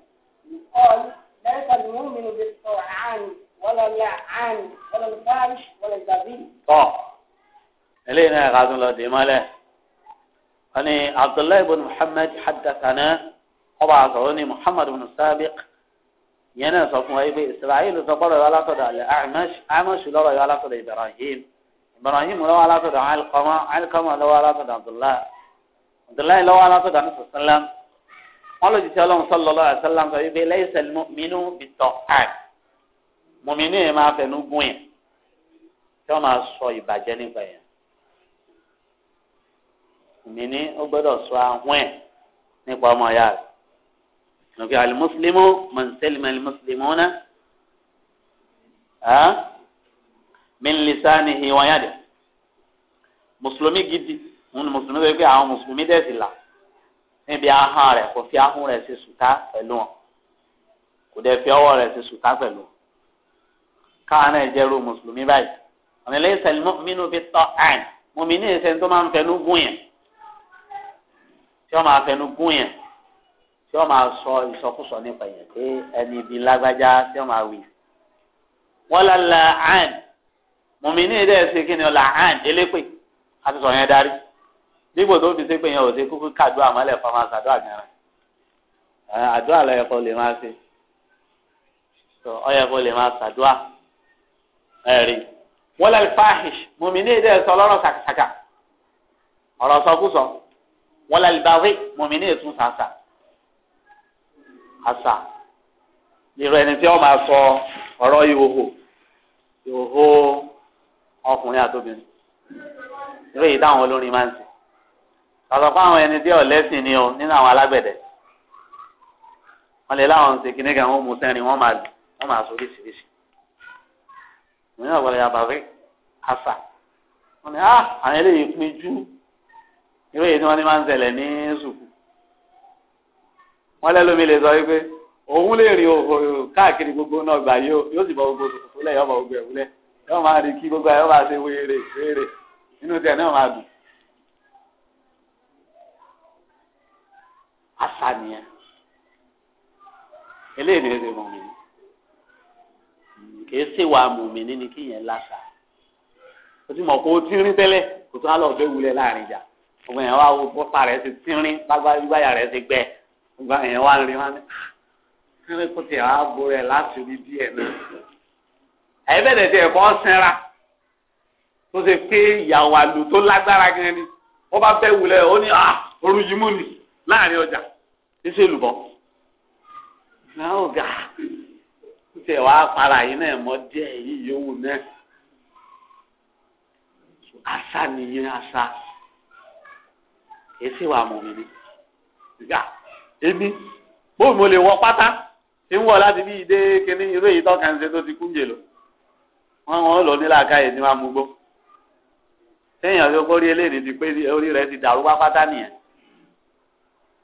قال ليس المؤمن بالطوعان ولا اللعان ولا الفاحش ولا البغي طب إلينا قاعدون لو ديماله أنا عبد الله بن محمد حدثنا طبعا قولني محمد بن السابق ينا صفوا أي إسرائيل تقول على قد الأعمش أعمش لو على قد إبراهيم إبراهيم لو على قد علقمة علقمة لو على قد عبد الله عبد الله لو على قد النبي صلى الله قال جل الله صلى الله عليه وسلم ليس المؤمن بالطعام mùmíní yẹn máa fẹnu gún yẹn tí wọ́n máa sọ ìbàjẹ́ nípa yẹn mùmíní ó gbọ́dọ̀ sọ ahọ́n ẹ̀ nípa ọmọ ya rẹ̀ nùkẹ́ alimuslimu mọ̀nsẹ́lìmọ̀ alimuslimu náà ah min lisanihi wa yadihi mùsùlùmí gidi òun ni mùsùlùmí bẹ́ẹ̀ pé àwọn mùsùlùmí dẹ̀ sì là níbi ahọ́n rẹ̀ kò fi ahọ́n rẹ̀ sí sùtá pẹ̀lú wọn kò dẹ̀ fi ọwọ́ rẹ̀ sí sùtá pẹ̀lú wọn káwọn náà jẹ́rú mùsùlùmí báyìí ọ̀nà ilé ìsẹ̀lẹ̀ mọ́mínú fi tọ́ àn mọ́mí ní ìsẹ̀ tó máa ń fẹnu gún yẹn tí wọ́n máa fẹnu gún yẹn tí wọ́n máa sọ ìsọkúsọ nípa yẹn pé ẹni ibi lágbájá tí wọ́n máa wí. wọ́n la la àn mọ́mí ní ìdẹ́ ẹ̀sìn kí ni la àn elépè àti sọ yẹn darí dígbò tó fi sépè yẹn ò sí kúkú kàdúrà mọ́lẹ̀ fọmọ́ àdúrà gẹ̀rẹ́ àdúrà lọ́yẹ̀kọ́ lè máa ṣe ọ̀yẹ̀kọ́ lè máa ṣàdúrà ẹ̀rí wọ́n lẹ́nu fáhìṣ mùmíní èdè ẹ̀sọ́ ọlọ́rọ̀ sàkàsàkà ọ̀rọ̀ sọkúsọ wọ́n lẹ́nu bàwí mùmíní ètún sàṣà àṣà ìrọ̀ ẹni tí wọ́n máa sọ ọ̀rọ̀ ìhòhò ìhòhò ọkùnrin àtòbìnrin ìrọ̀ yìí táwọn olórin máa ń sè sọ̀rọ̀ fún àwọn ẹni tí ọ̀lẹ́sìn ni o nínú àwọn alágbẹ̀dẹ wọ́n lè láwọn ṣe kíní òun náà wọlé abàwé àṣà wọn ni ah àwọn eléyìí pin jù irú èyí tí wọn ní máa ń tẹlẹ ní sùkú wọn lẹ́lómi lè sọ wípé òun lè rí òhò káàkiri gbogbo náà gbà yóò yóò sì bọ gbogbo tòkòtò lẹ yọọ bọ gbogbo ẹwù lẹ yọọ máa rí kí gbogbo ayọ máa ṣe wéèrè wéèrè nínú tẹ náà máa dùn. àṣà nìyẹn eléyìí ni èdè mọ̀ mi kìí ṣe wà mùmíní ni kíyẹn láṣà o ti mọ̀ kó o ti tẹ́lẹ̀ kò tó alọ́ fẹ́ wulẹ̀ láàrin ìjà ọmọ yẹn wá wo bọ́sà rẹ̀ ti ti rin rẹ̀ ti gbẹ ọgbà yẹn wá rin wá ní ah, kíni kò tiẹ̀ wá bo rẹ̀ láti rí díẹ̀ náà ẹ̀yìn bẹ̀rẹ̀ tiẹ̀ kọ́ sẹ́ra tó ṣe pé ìyàwó àlù tó lágbára gan ni wọ́n bá fẹ́ wulẹ̀ ó ní ah, orú yìí mú ni láàrin ọjà ṣíṣe lùbọ́ náà ó ga tẹ̀ wá para yín náà mọ́ díẹ̀ yìí yòówù náà àṣà nìyẹn àṣà èsì wà mọ̀ mí ni ìgbà èmi bóun mo lè wọ pátá tí ń wọ̀ láti bí ìdè kínní irú èyí tọ́ka ń ṣe tó ti kúnjè lò wọ́n wọ́n lọ nílà káyè ní wàá mú gbó téèyàn tó kórí eléyìí ti pé orí rẹ̀ ti dàrú wá pátá nìyẹn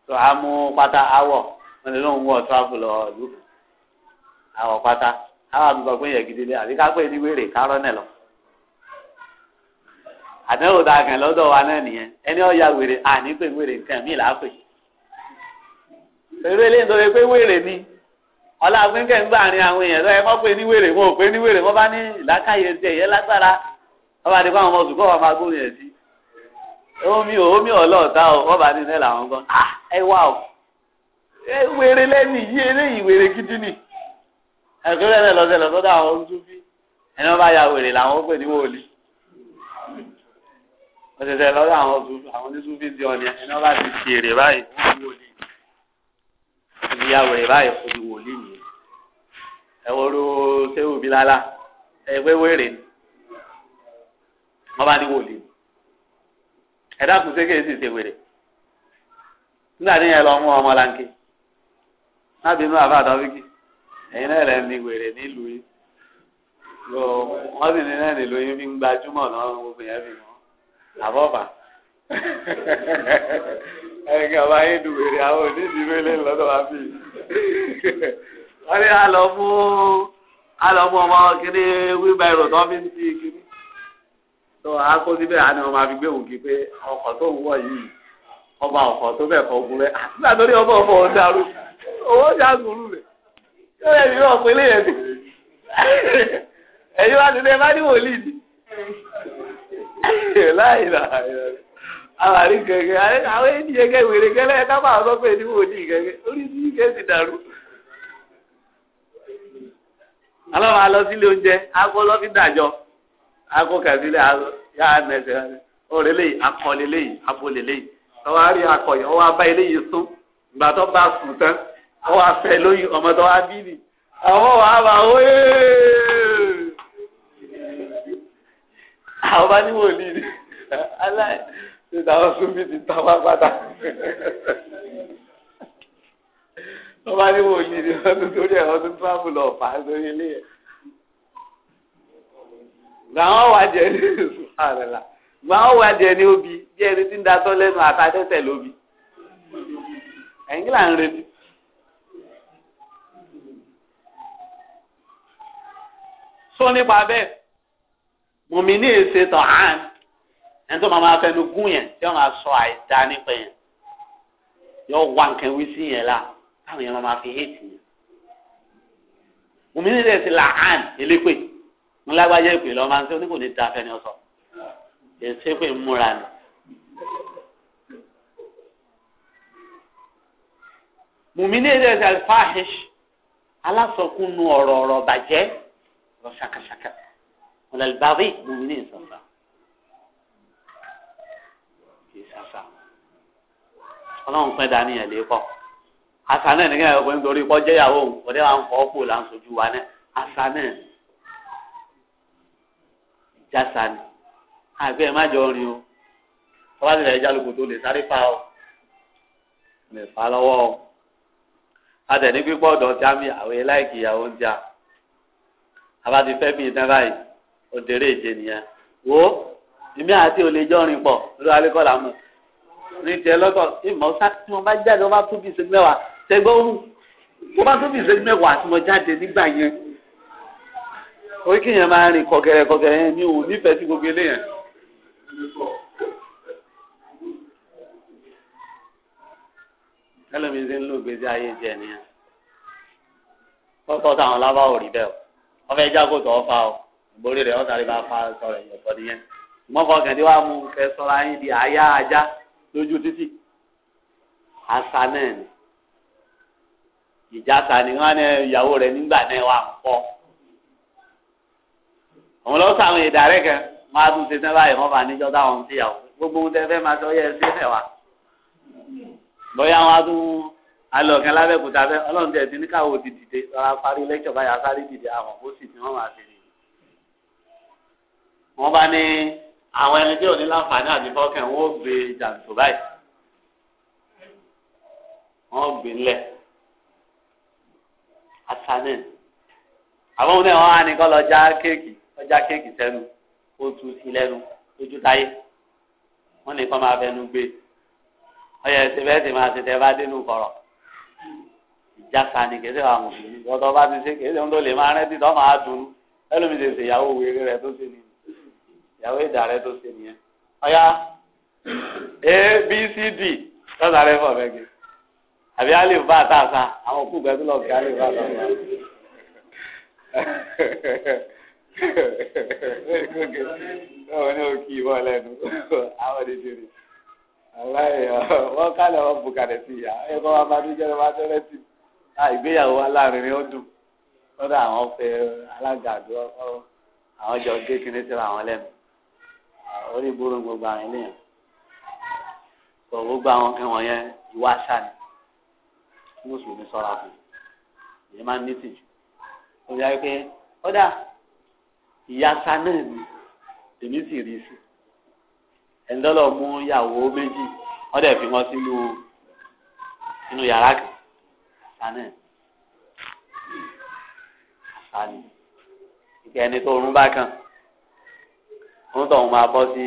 tó a mú pátá awọ wọn lè lóun wọ travel lọ ìlú àwọ̀ pátá àwọn àgbègbè pé yẹn gidi ni àbí ká pè ní wèrè kárọ́ nẹ̀ lọ. àdéhùn tá a kàn lọ́dọ̀ wa náà nìyẹn ẹni ọ̀ya wèrè àní pé wèrè nǹkan là á ni ọlá pínkẹ́ ń gbà àwọn èèyàn lọ́yẹ mọ́ ní wèrè wọn ò pé ní wèrè wọn bá ní ìlàkàyè lágbára wọn bá ní fáwọn ọmọ sùkọ́ wọn omi omi bá ní àwọn ah, o ẹ wèrè lẹ́nu yìí eléyìí wèrè gidi ẹ̀kúrẹ́ rẹ̀ lọ́sẹ̀ lọ́sọ́dọ̀ àwọn ojúbí ẹni wọ́n bá ya wèrè làwọn ó pè ní wòlíì ọ̀sẹ̀sẹ̀ lọ́dọ̀ àwọn oníṣúfí di ọ̀nì ẹni wọ́n bá ti fi èrè báyìí ó di wòlíì ìdí ya wèrè báyìí ó di wòlíì nìyẹn ẹ̀wọ́rọ̀ sẹ́wù bí lálá ẹ̀wẹ́ wèrè ni wọ́n bá ní wòlíì ẹ̀dá kù sékè sì ṣe wèrè nígbà tí yẹn lọ mú ọmọ lanke láti inú àbá àtàwíkì ẹ̀yin náà rẹ̀ ní wèrè nílùú yìí lọ wọ́n sì ní náà nílùú yìí fi ń gbajúmọ̀ náà gbogbo yẹn fi mọ́ àbọ̀bà ẹ̀yin kan bá yín du wèrè àwọn onídìí wẹ́lẹ̀ lọ́dọ̀ wá bí wọ́n ní alọ́ fún alọ́ fún ọmọ kíní wíbẹ̀rù tó fi ń ti kíní tó akó síbẹ̀ àná wọn máa fi gbé òǹkí pé ọkọ̀ tó ń wọ̀ yìí ọba ọkọ̀ tó bẹ̀ kọ́ gúnlẹ̀ àti àtọ́rí ọba ọmọ ọ̀dàrú owó ṣàgùrù rẹ̀. yóò rẹ̀ nínú ọ̀pọ̀ ilé yẹn ẹ̀yin wá ti dẹ́ bá ní wòlíì ni láì là àwọn àrí gẹ́gẹ́ àwọn ènìyàn wèrè pé ní wòlíì gẹ́gẹ́ orí ti gẹ́ ti dàrú. ọlọ́run sílé oúnjẹ akọ fi dàjọ akọ yá ọ̀rẹ́ akọ abo tọ́wọ́ rí akọ yẹn sún bá ó wá fẹ́ lóyún ọmọ tó wá bí ni àwọn wàá bá wéé àwọn bá ní wòlíì ni aláì ṣe táwọn súnmí ti ta wá padà wọ́n bá ní wòlíì ni wọ́n tún torí ẹ̀ wọ́n tún tíráàbù lọ fà á sórí ilé ẹ̀ làwọn wà jẹ ní ìsúnfàrẹ̀là gbọ́n wà jẹ ní obì bí ẹni tí ń datọ́ lẹ́nu àtàtẹ́tẹ̀ lóbi ẹ̀yìn kí là ń retí. tó nípa bẹ́ẹ̀ mùmí ní èsè tọ̀ hàn ẹni tó máa máa fẹnu gún yẹn tí wọ́n máa sọ àìdá nípa yẹn yóò wá nǹkan wí sí yẹn la táwọn yẹn máa máa fi hétì yẹn mùmí ní èsè là hàn elépè mo lágbájá ìpè lọ́ọ́ máa ń sẹ́ oníkò ní da fẹ́ni ọ̀sọ̀ èsè pé ń múra ni. mùmí ní èsè àlfáhìṣ alásọkúnnu ọ̀rọ̀ ọ̀rọ̀ bàjẹ́ lọ ṣakaṣaka ọ̀làlùbáwí lòun ní ìsọ̀sà ìsọ̀sà ọlọ́run pẹ́ dání ẹ̀ lépọ̀ àṣà náà nìkan ẹ̀kọ́ nítorí pọ́ jẹ́yàwó òun ọ̀dẹ́ wa ń fọ́ kó là ń sojú wa náà àṣà náà ìjàsà ni àgbẹ̀ ẹ̀ má jọ rìn o tọ́lá ti rẹ̀ jálùkù tó lè sáré fa o lè fa lọ́wọ́ o àtẹ̀ ní pípọ̀ ọ̀dọ̀ tí a mi àwẹ̀ láìkì ìyàwó ń jà abati fẹ́ bí ìtàn báyìí òdèrè èjè nìyẹn wo èmi àti olè jọrin pọ̀ lórí alẹ́kọ̀ọ́lá mọ̀ ní tiẹ̀ lọ́tọ̀ ìmọ̀ sá tí wọ́n bá jáde wọ́n bá tún bí ìṣẹ́jú mẹ́wàá tẹ́gbọ́n òun wọ́n bá tún bí ìṣẹ́jú mẹ́wàá tí wọ́n jáde nígbà yẹn orí kìyẹn máa rìn kọ̀gẹ̀rẹ̀ kọ̀gẹ̀rẹ̀ yẹn mi ò nífẹ̀ẹ́ sí gbogbo eléyẹn. ẹlòmíín ti ń lò gbèsè ayé jẹ nìyẹn. wọ́n tọ́ táwọn lábá rí bẹ́ẹ̀ o ọfẹ jágò tó ọfà o borí rẹ ọsàrí bá fa sọ̀rọ̀ ẹyìn ọ̀tọ̀ nìyẹn mọfọ kẹntẹ wa mú kẹ sọ̀rọ̀ ayé di àyà ajá lójú títì àṣà náà ni ìjàta ni wọn ní ìyàwó rẹ nígbà náà wà pọ òun lọ sọ àwọn ìdàrẹ kan máa tún ṣe tán báyìí wọn bá níjọ táwọn ń ṣèyàwó gbogbo ohun tẹ fẹ máa sọ yẹ ẹ ṣe fẹ wa bóyá wọn á tún alẹ́ ọ̀kan lábẹ́kúta bẹ́ẹ̀ ọlọ́run tẹ̀ sí ní káwọ́ ti dìde rárá parí lẹ́kṣọ̀ báyà sáré dìde àwọn ó sì ní wọ́n máa ṣe nìyí. wọ́n bá ní àwọn ẹni tí ò ní láǹfààní àti fọ́kàn wọ́n ó gbé jàǹtò báyìí wọ́n ó gbé ńlẹ̀ asanẹ́ àwọn ọmọdé wọn á ní kọ́ lọ já kéèkì lọ já kéèkì sẹ́nu ó tu sí lẹ́nu lójú táyé wọ́n ní kọ́ máa fẹnu gbé ọyẹ ẹsẹ bẹ́ẹ̀ sì máa ṣe tẹ́ bá dénú kọ̀rọ̀ ìjàpá ni kẹsẹ̀ wà mùsùlùmí bọ́tọ̀ bá ti ṣe kẹsẹ̀ ń tó lè máa rántí tó máa dùn ẹlòmíì ti ṣe ìyàwó wèrè rẹ tó ṣe ni ìyàwó ìdá rẹ tó ṣe nìyẹn. ọ̀ya a b c d lọ́sà rẹ fọ̀ fẹ́gẹ́ àbí alif bá àtàtà àwọn òkú gbẹ́sí lọ́ọ̀ fi alif bá àtàtà. ọ̀hún ni ó kí ìbọn lẹ́nu àwọn ìdíje rẹ̀ aláìyá wọ́n kálẹ̀ wọn bùkàlẹ̀ sí ìyá ẹ̀kọ́ wa máa ń jẹ́ ẹ máa tẹ́lẹ̀ sí i. ìgbéyàwó alárinrin ó dùn lọ́dọ̀ àwọn fẹ́ alága àdó àwọn jọ gé kinní síra àwọn lẹ́nu orí gbogbo àwọn eléyàn gba gbogbo àwọn ẹ̀wọ̀n yẹn ìwà àṣà ni mùsùlùmí sọ́ra fún ìyẹn máa ń ní ó yá pé kódà ìyáta náà ni èmi sì rí sí ẹ̀ńdọ́lọ̀ mú ìyàwó méjì wọ́n dẹ̀ fi wọ́n sínú sínú yàrá kan. àṣánà àṣánì ìgbà ẹni tó rún bá kàn òun tó ń máa bọ́ sí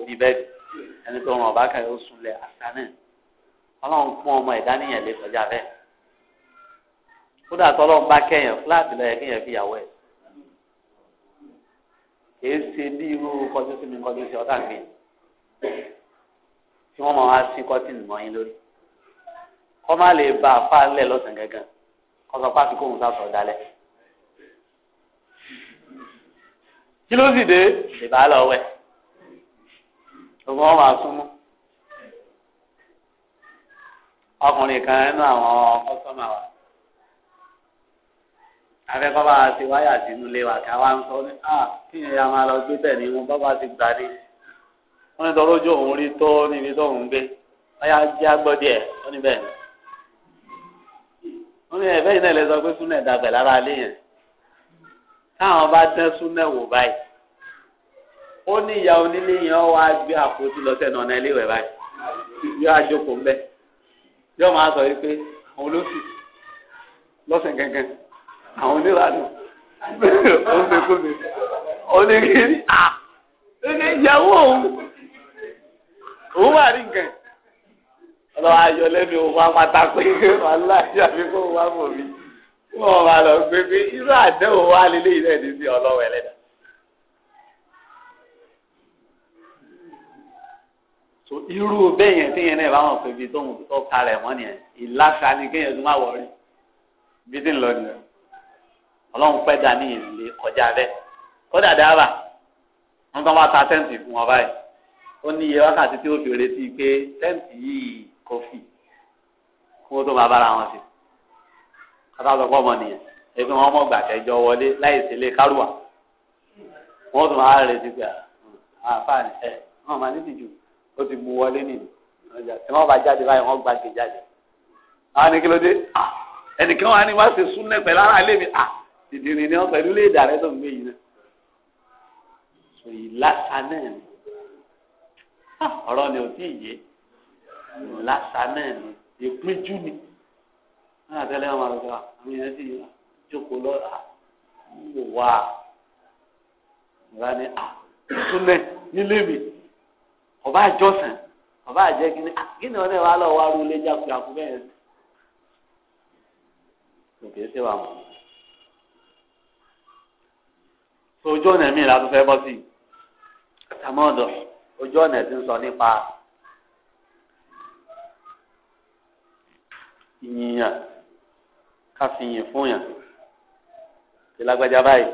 ibi bẹ́ẹ̀dì ẹni tó rún ọ̀bá kan yóò sunlẹ̀ àṣánà ọlọ́run fún ọmọ ẹ̀dá níyẹn lè sọjá bẹ́ẹ̀ kódà tọ́lọ́run bá kẹ́yìn fúláàtì lọ́yẹ kéèyàn fi yàwó ẹ̀ kìí ṣe bí irú kọjú sí mi kọjú sí ọ̀tá gbé tí wọ́n máa wá sí kọ́tìnì mọ́ lórí kọ́ lè ba àfa lẹ̀ lọ́sàn gangan kọ́ sọ pé àfi kóhun dalẹ̀. kí ló sì dé ìbá lọ wẹ̀ gbogbo wọn máa súnmọ́. ọkùnrin kan nínú àwọn kọ́sọ́mà wa afẹ́kọ́ ti wáyà sínú ilé wa kí a wá ń sọ ní ah, kí ni a máa lọ gbé bẹ̀ ni wọn bá bá ti gbà ní. wọ́n ní tọ́lójú òun rí tó níbi tó ń gbé wáyà jẹ́ agbọ́dẹ̀ ó ní wọ́n ní ẹ̀fẹ́ yìí náà lè sọ pé súnà dàgbẹ̀ lára alẹ́ yẹn táwọn bá dán súnà wò báyìí ó ní ìyá onílé yẹn wá gbé àpótí lọ sẹ́nu ọ̀nà ilé ìwẹ̀ báyìí yóò àjòkó ńbẹ yóò máa sọ yìí pé àwọn olóṣù lọ́sẹ̀ gẹ́gẹ́ àwọn onílànà ó ń fẹ́kúnmi oníkiri à ẹni ìyàwó òun òun wà rí nǹkan ọlọ́wọ́ ayọ̀ lẹ́mi òun wá máa takpé wàhálà yàrá kó wá mọ̀ mí wọ́n máa lọ gbé pé irú àdéhùn wá lélẹ́ yìí náà ní ọlọ́wọ́ ẹlẹ́dà. so irú bẹ́ẹ̀ yẹn téèyàn náà bá wọn pé ibi tóun tó kalẹ̀ wọ́n nìyẹn ìlàṣà ni kéèyàn tún máa wọrí bí tí ń lọ nìyẹn ọlọ́run pẹ́ dà ní ìlé kọjá bẹ́ẹ̀ kódà dáàbà wọn kàn wá ta tẹ́ǹtì fún wọn báyìí ó ní iye wákàtí tí ó fi retí pé tẹ́ǹtì yìí kọfí kó tó máa bára wọn sí kátàlọ́pọ̀ ọmọ nìyẹn ebi wọn mọ gbàtẹ́jọ wọlé láì sí ilé kárùwà wọn tún máa retí pé àǹfààní ẹ wọn máa níbi jù ó ti mú wọlé nìyí tí wọn bá jáde báyìí wọn gbàgbé jáde àwọn ní kí ló dé ẹnìkan wà ní wá sí súnlẹ̀ pẹ̀lú ara ilé mi ìdìrín ni wọn pẹ̀lú ilé ìdàrẹ́ tó ń gbé yìí náà sòyí lásán náà ni ni ò tí ì yé lásà náà ni ìpínjú ni náà tẹ́lẹ̀ wọn àlọ́ wa àwọn èèyàn sì jókòó lọ́la wò wá ìwà ni à túnlẹ̀ nílé mi ọba àjọsìn ọba àjẹ kí ni kí ni wọn náà wà lọ wá rú ilé jákujàku bẹ́ẹ̀ ni òkè ṣe wà mọ́ ojú ọ̀nà mi la fẹ́ bọ́ sí i àtàmọ́dọ̀ ojú ọ̀nà ti ń sọ nípa. ìyìnyà káfíyìn fún yàn tí lágbájá báyìí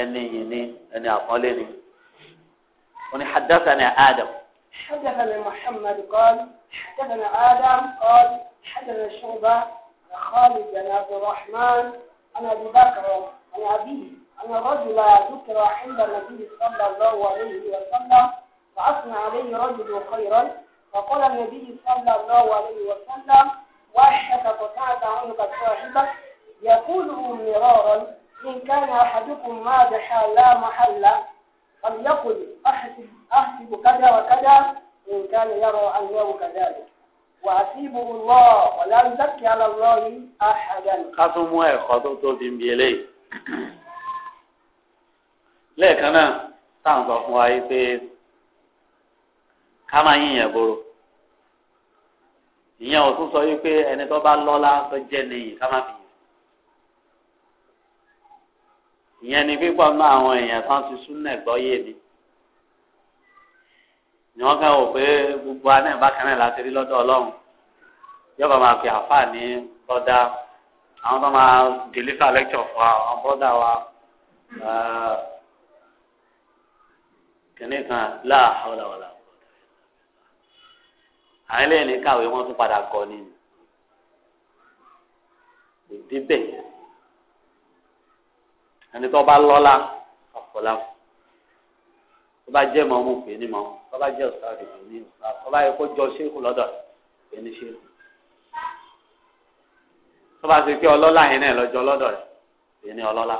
ẹni yìnyín ni ẹni àkọọ́lẹ̀ ni wọn حدثنا آدم حدثنا محمد قال حدثنا آدم قال حدثنا شعبة خالد بن عبد الرحمن أنا أبي بكر عن أبيه أن الرجل ذكر عند النبي صلى الله عليه وسلم فأثنى عليه رجل خيرا فقال النبي صلى الله عليه وسلم وحدك قطعت عنك صاحبك يقوله مرارا إن كان أحدكم مادحا لا محل فليقل أحسب, أحسب كذا وكذا إن كان يرى أنه كذلك وأسيبه الله ولا يزكي على الله أحدا قسم خطوط بيلي لكن أنا تعرف ká máa yín yẹn boro ìyẹn ò tún sọ yìí pé ẹni tó bá lọ́lá tó jẹ́ nìyí ká máa fi yìn ìyẹn ni pípọ̀ náà àwọn èèyàn kan ti súnlẹ̀ gbọ́yé mi ni wọ́n kàn wò pé gbogbo anáà bákan náà láti rí lọ́dọ̀ ọlọ́run yọba máa fi àǹfààní bọ́dá àwọn tó máa deliver lecture fún àwọn bọ́dá wa ah, kìnnìkan láàárọ̀ wàlà àwọn eléyìí ní kàwé wọn tún padà kọ ni ìdíbẹ̀ ẹni tó bá lọ́la ọ̀pọ̀lá tó bá jẹ́ mọ́mú pé ní mọ́mú tó bá jẹ́ ọ̀sáàdì pé ní ọ̀sáàdì tó bá yẹ kó jọ ṣéèkù lọ́dọ̀ pé ní ṣéèkù tó bá ṣe pé ọlọ́lá yẹn náà lọ́jọ́ lọ́dọ̀ rẹ̀ pé ní ọlọ́lá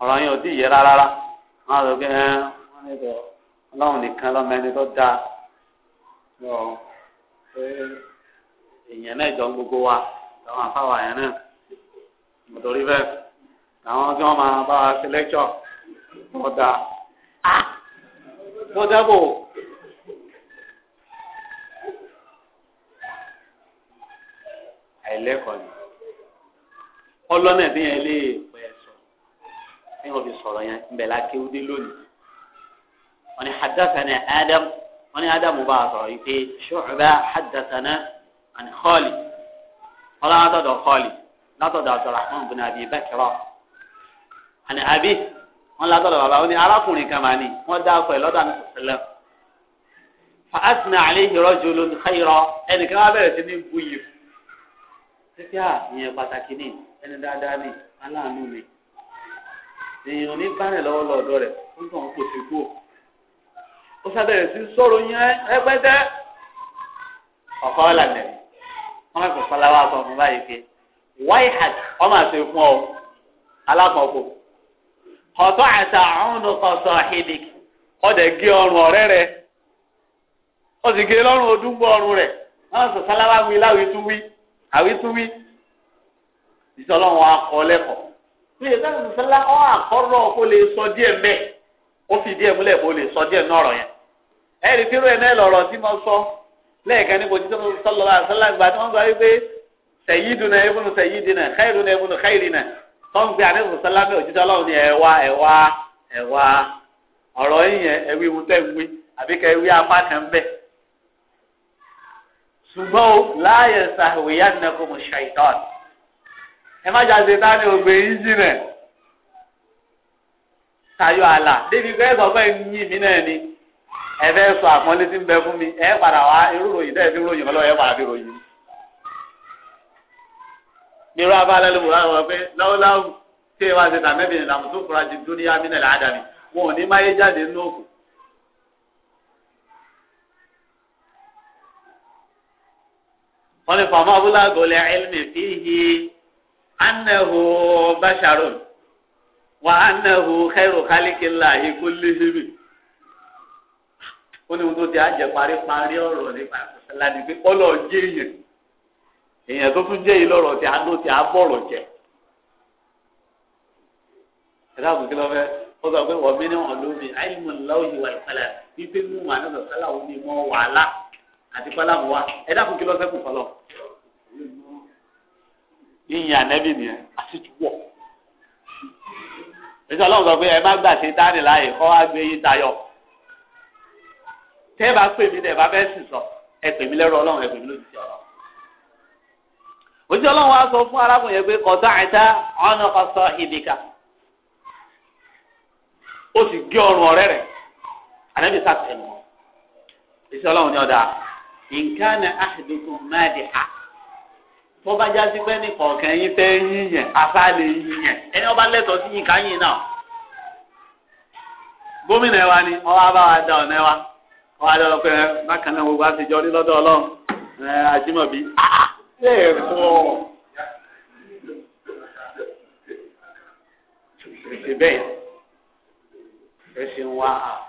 ọ̀rọ̀ yẹn ò tí ì yẹ rárá rárá wọn á lọ gbé ẹ wọn ní ìdọ̀ ọlọ́run nìkan lọ́mọ ẹni tó dáa lọ èèyàn náà jọ gbogbo wa àwọn afáwà yẹn náà nítorí bẹ́ẹ̀ àwọn tí wọ́n máa bá wa ṣe lẹ́kṣọ̀ tó dáa tó dábò. àìlẹ́kọ̀ọ́ ni ọlọ́nà ẹ̀dínyẹn lè pẹ́ sọ ẹ̀yìn òbí sọ̀rọ̀ yẹn ń bẹ̀ lákéwúdé lónìí wọ́n ní hadathana adam wọ́n ní adam bá a sọ̀rọ̀ yìí pé Shu'ba hadathana àni Khalid wọ́n lọ́wọ́ látọ̀dọ̀ Khalid látọ̀dọ̀ Abdurrahman bin Abi Bakr àni abi wọ́n látọ̀dọ̀ bàbá wọ́n ní arákùnrin kan màá ní wọ́n dá akọ ẹ̀ lọ́dọ̀ àni sọ̀sẹ̀lẹ̀ fa asna alayhi rajulun khayra ẹnìkan wá bẹ̀rẹ̀ sí ní buyì títí à ìyẹn pàtàkì ní ẹni dáadáa ní aláàánú mi èèyàn ní bá rẹ̀ lọ́wọ́ lọ́dọ̀ rẹ̀ ó ń tàn kò sí kú Eh, ó sábẹ̀rẹ̀ sí sọ̀rọ̀ yẹn ẹgbẹ́dẹ́ ọ̀kọ́ ọ̀làlẹ̀ wọn bá fẹ́ sọlá wa sọ fún báyìí pé wáyé hàt wọn máa ṣe fún ọ alákọ̀ọ́kọ́ ọ̀tọ́ àṣà ọ̀hún kọ̀ sọ hìdìk ọ̀dẹ̀ gé ọrùn ọ̀rẹ́ rẹ ó sì gé lọ́rùn rẹ sọ sọlá wí fi ẹ̀rí fíró ẹ̀ náà lọ̀rọ̀ tí mo sọ lẹ́ẹ̀kan ní bòtítọ́ mo sọ lọ́wọ́ àṣálà gbà tí wọ́n sọ wípé sayyiduna ibnu sayyidina khairuna ibnu khairina tó ń gbé àdéhùn sálámì òjijì ọlọ́run ní ẹ̀wá ẹ̀wá ẹ̀wá ọ̀rọ̀ yìnyẹn ẹ̀wí ìwú tẹ́ ń wí àbí kẹ́ ẹ̀wí apá kan bẹ̀. ṣùgbọ́n o láàyè sàwéyà nẹ́kọ̀ mọ̀ ẹ fẹ́ sọ àpọ́nlé tí ń bẹ fún mi ẹ padà wá irú ròyìn tẹ́ ẹ fi ròyìn ọlọ́wọ́ ẹ padà fi ròyìn mi. nírú abala ló mú wa wọ pé láwùláwù tí ẹ wá ṣe tàmẹ́bìnrin ìlànà tó fura ju dúníyà mínà làádàmì wọn ò ní máyé jáde nínú òkú. wọ́n ní fàmọ́ abúlágò lẹ́ ẹlmi fíhi anahu basharun wa anahu khairu khaliki lahi kulli ó ní ohun tó ti àjẹ paríparí ọ̀rọ̀ nípa ìfọ̀sẹ́lá ni pé ọlọ́ jẹ́ èèyàn èèyàn tó tún jẹ́ yìí lọ́rọ̀ tí a ló ti àbọ̀rọ̀ jẹ. ẹ dáàbò kí ló fẹ́ ó sọ pé wọ́n mi ní wọn lómi àìmọ̀ lọ́wọ́ wà ìpẹ́lẹ̀ wípé mú wà ní ọ̀sálà òní mọ́ wàhálà àti pálámù wa ẹ dáàbò kí ló fẹ́ kù fọlọ́. yíyan anẹ́bí nìyẹn àti túwọ̀. ìṣọ̀lọ́run sọ pé ẹ má gbà ṣe táàdì láàyè kọ́ tayọ. tẹ́ ẹ bá pè mí tẹ́ bá fẹ́ sọ ẹ pè mí lẹ́rọ ọlọ́run ẹ pè mí lójú ọlọ́run. òjì ọlọ́run wa sọ fún arákùnrin pé kọ̀dá àìta ọ̀nà ọ̀sọ̀ ìdìkà ó sì gé ọrùn ọ̀rẹ́ rẹ̀ ọlọ́run ni ọ̀dà nǹkan máa dì ha tó bá já sí pé wọn á lọ bákan náà gbogbo àti jọ nílọ́dọ̀ ọlọ́run ẹ̀ fọ́ ṣe ẹ ṣe ń wá a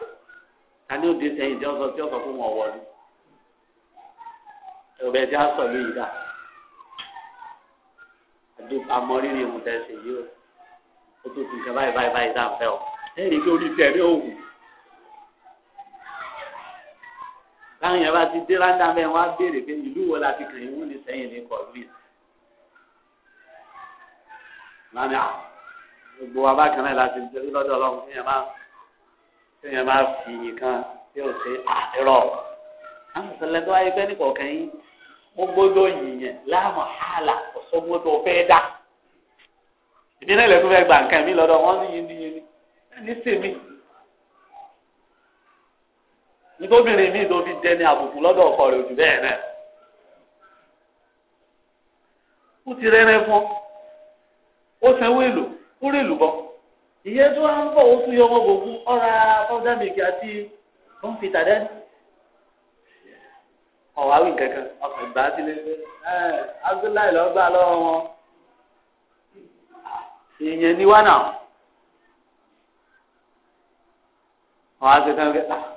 tani ó di sẹ́yìn tí ó sọ tí ó sọ fún wọn wọlé ọbẹ̀ tí a sọ lóyìí dà àmọ́rírì ìmùtẹ́sẹ̀ yìí ó tó ti ṣe báyìí báyìí báyìí dáa fẹ́ o ẹ̀rí pé orí tẹ̀lé òògùn. láwọn yẹn bá ti dé rádà mẹ́rin wọ́n á béèrè pé ìlú wo la ti kàn yín wọ́n ní sẹ́yìn ní kọ̀ lùí. Màmí à gbogbo wa bá kan náà láti dé lọ́dọ̀ ọlọ́run kéèyàn máa kéèyàn máa fi iyì kan tí ò ṣe àìrọ̀. Àwọn ìṣẹ̀lẹ̀ tó wáyé pé ní kọ̀ọ̀kan yín ó gbọ́dọ̀ yìnyẹn láàmú àlà ọ̀sọ́gbó tó fẹ́ dá. Ìbí náà ilẹ̀ tó fẹ́ gbà nǹkan mi lọ́dọ̀ wọ́n ní yin ní yin ní. Ẹni sèmi nítòbìnrin mi tó fi jẹ ní àbùkù lọ́dọ̀ ọkọ rẹ̀ òjò bẹ́ẹ̀ náà ó ti rẹ́rẹ́ fún ó sanwó èlò ó rè lùbọ́ ìyẹn tó wá ń bọ̀ ó tún yọ ọmọ gbogbo ọ̀ra powder milk àti kọ́ńfìtà dẹ́nu ọ̀wáwí kankan ọkọ̀ ìgbà sílé ẹ̀ Abdullahi lọ́ọ́ gbà lọ́wọ́ wọn ìyẹn ni wánà wọn á ṣe tán kẹ́kẹ́.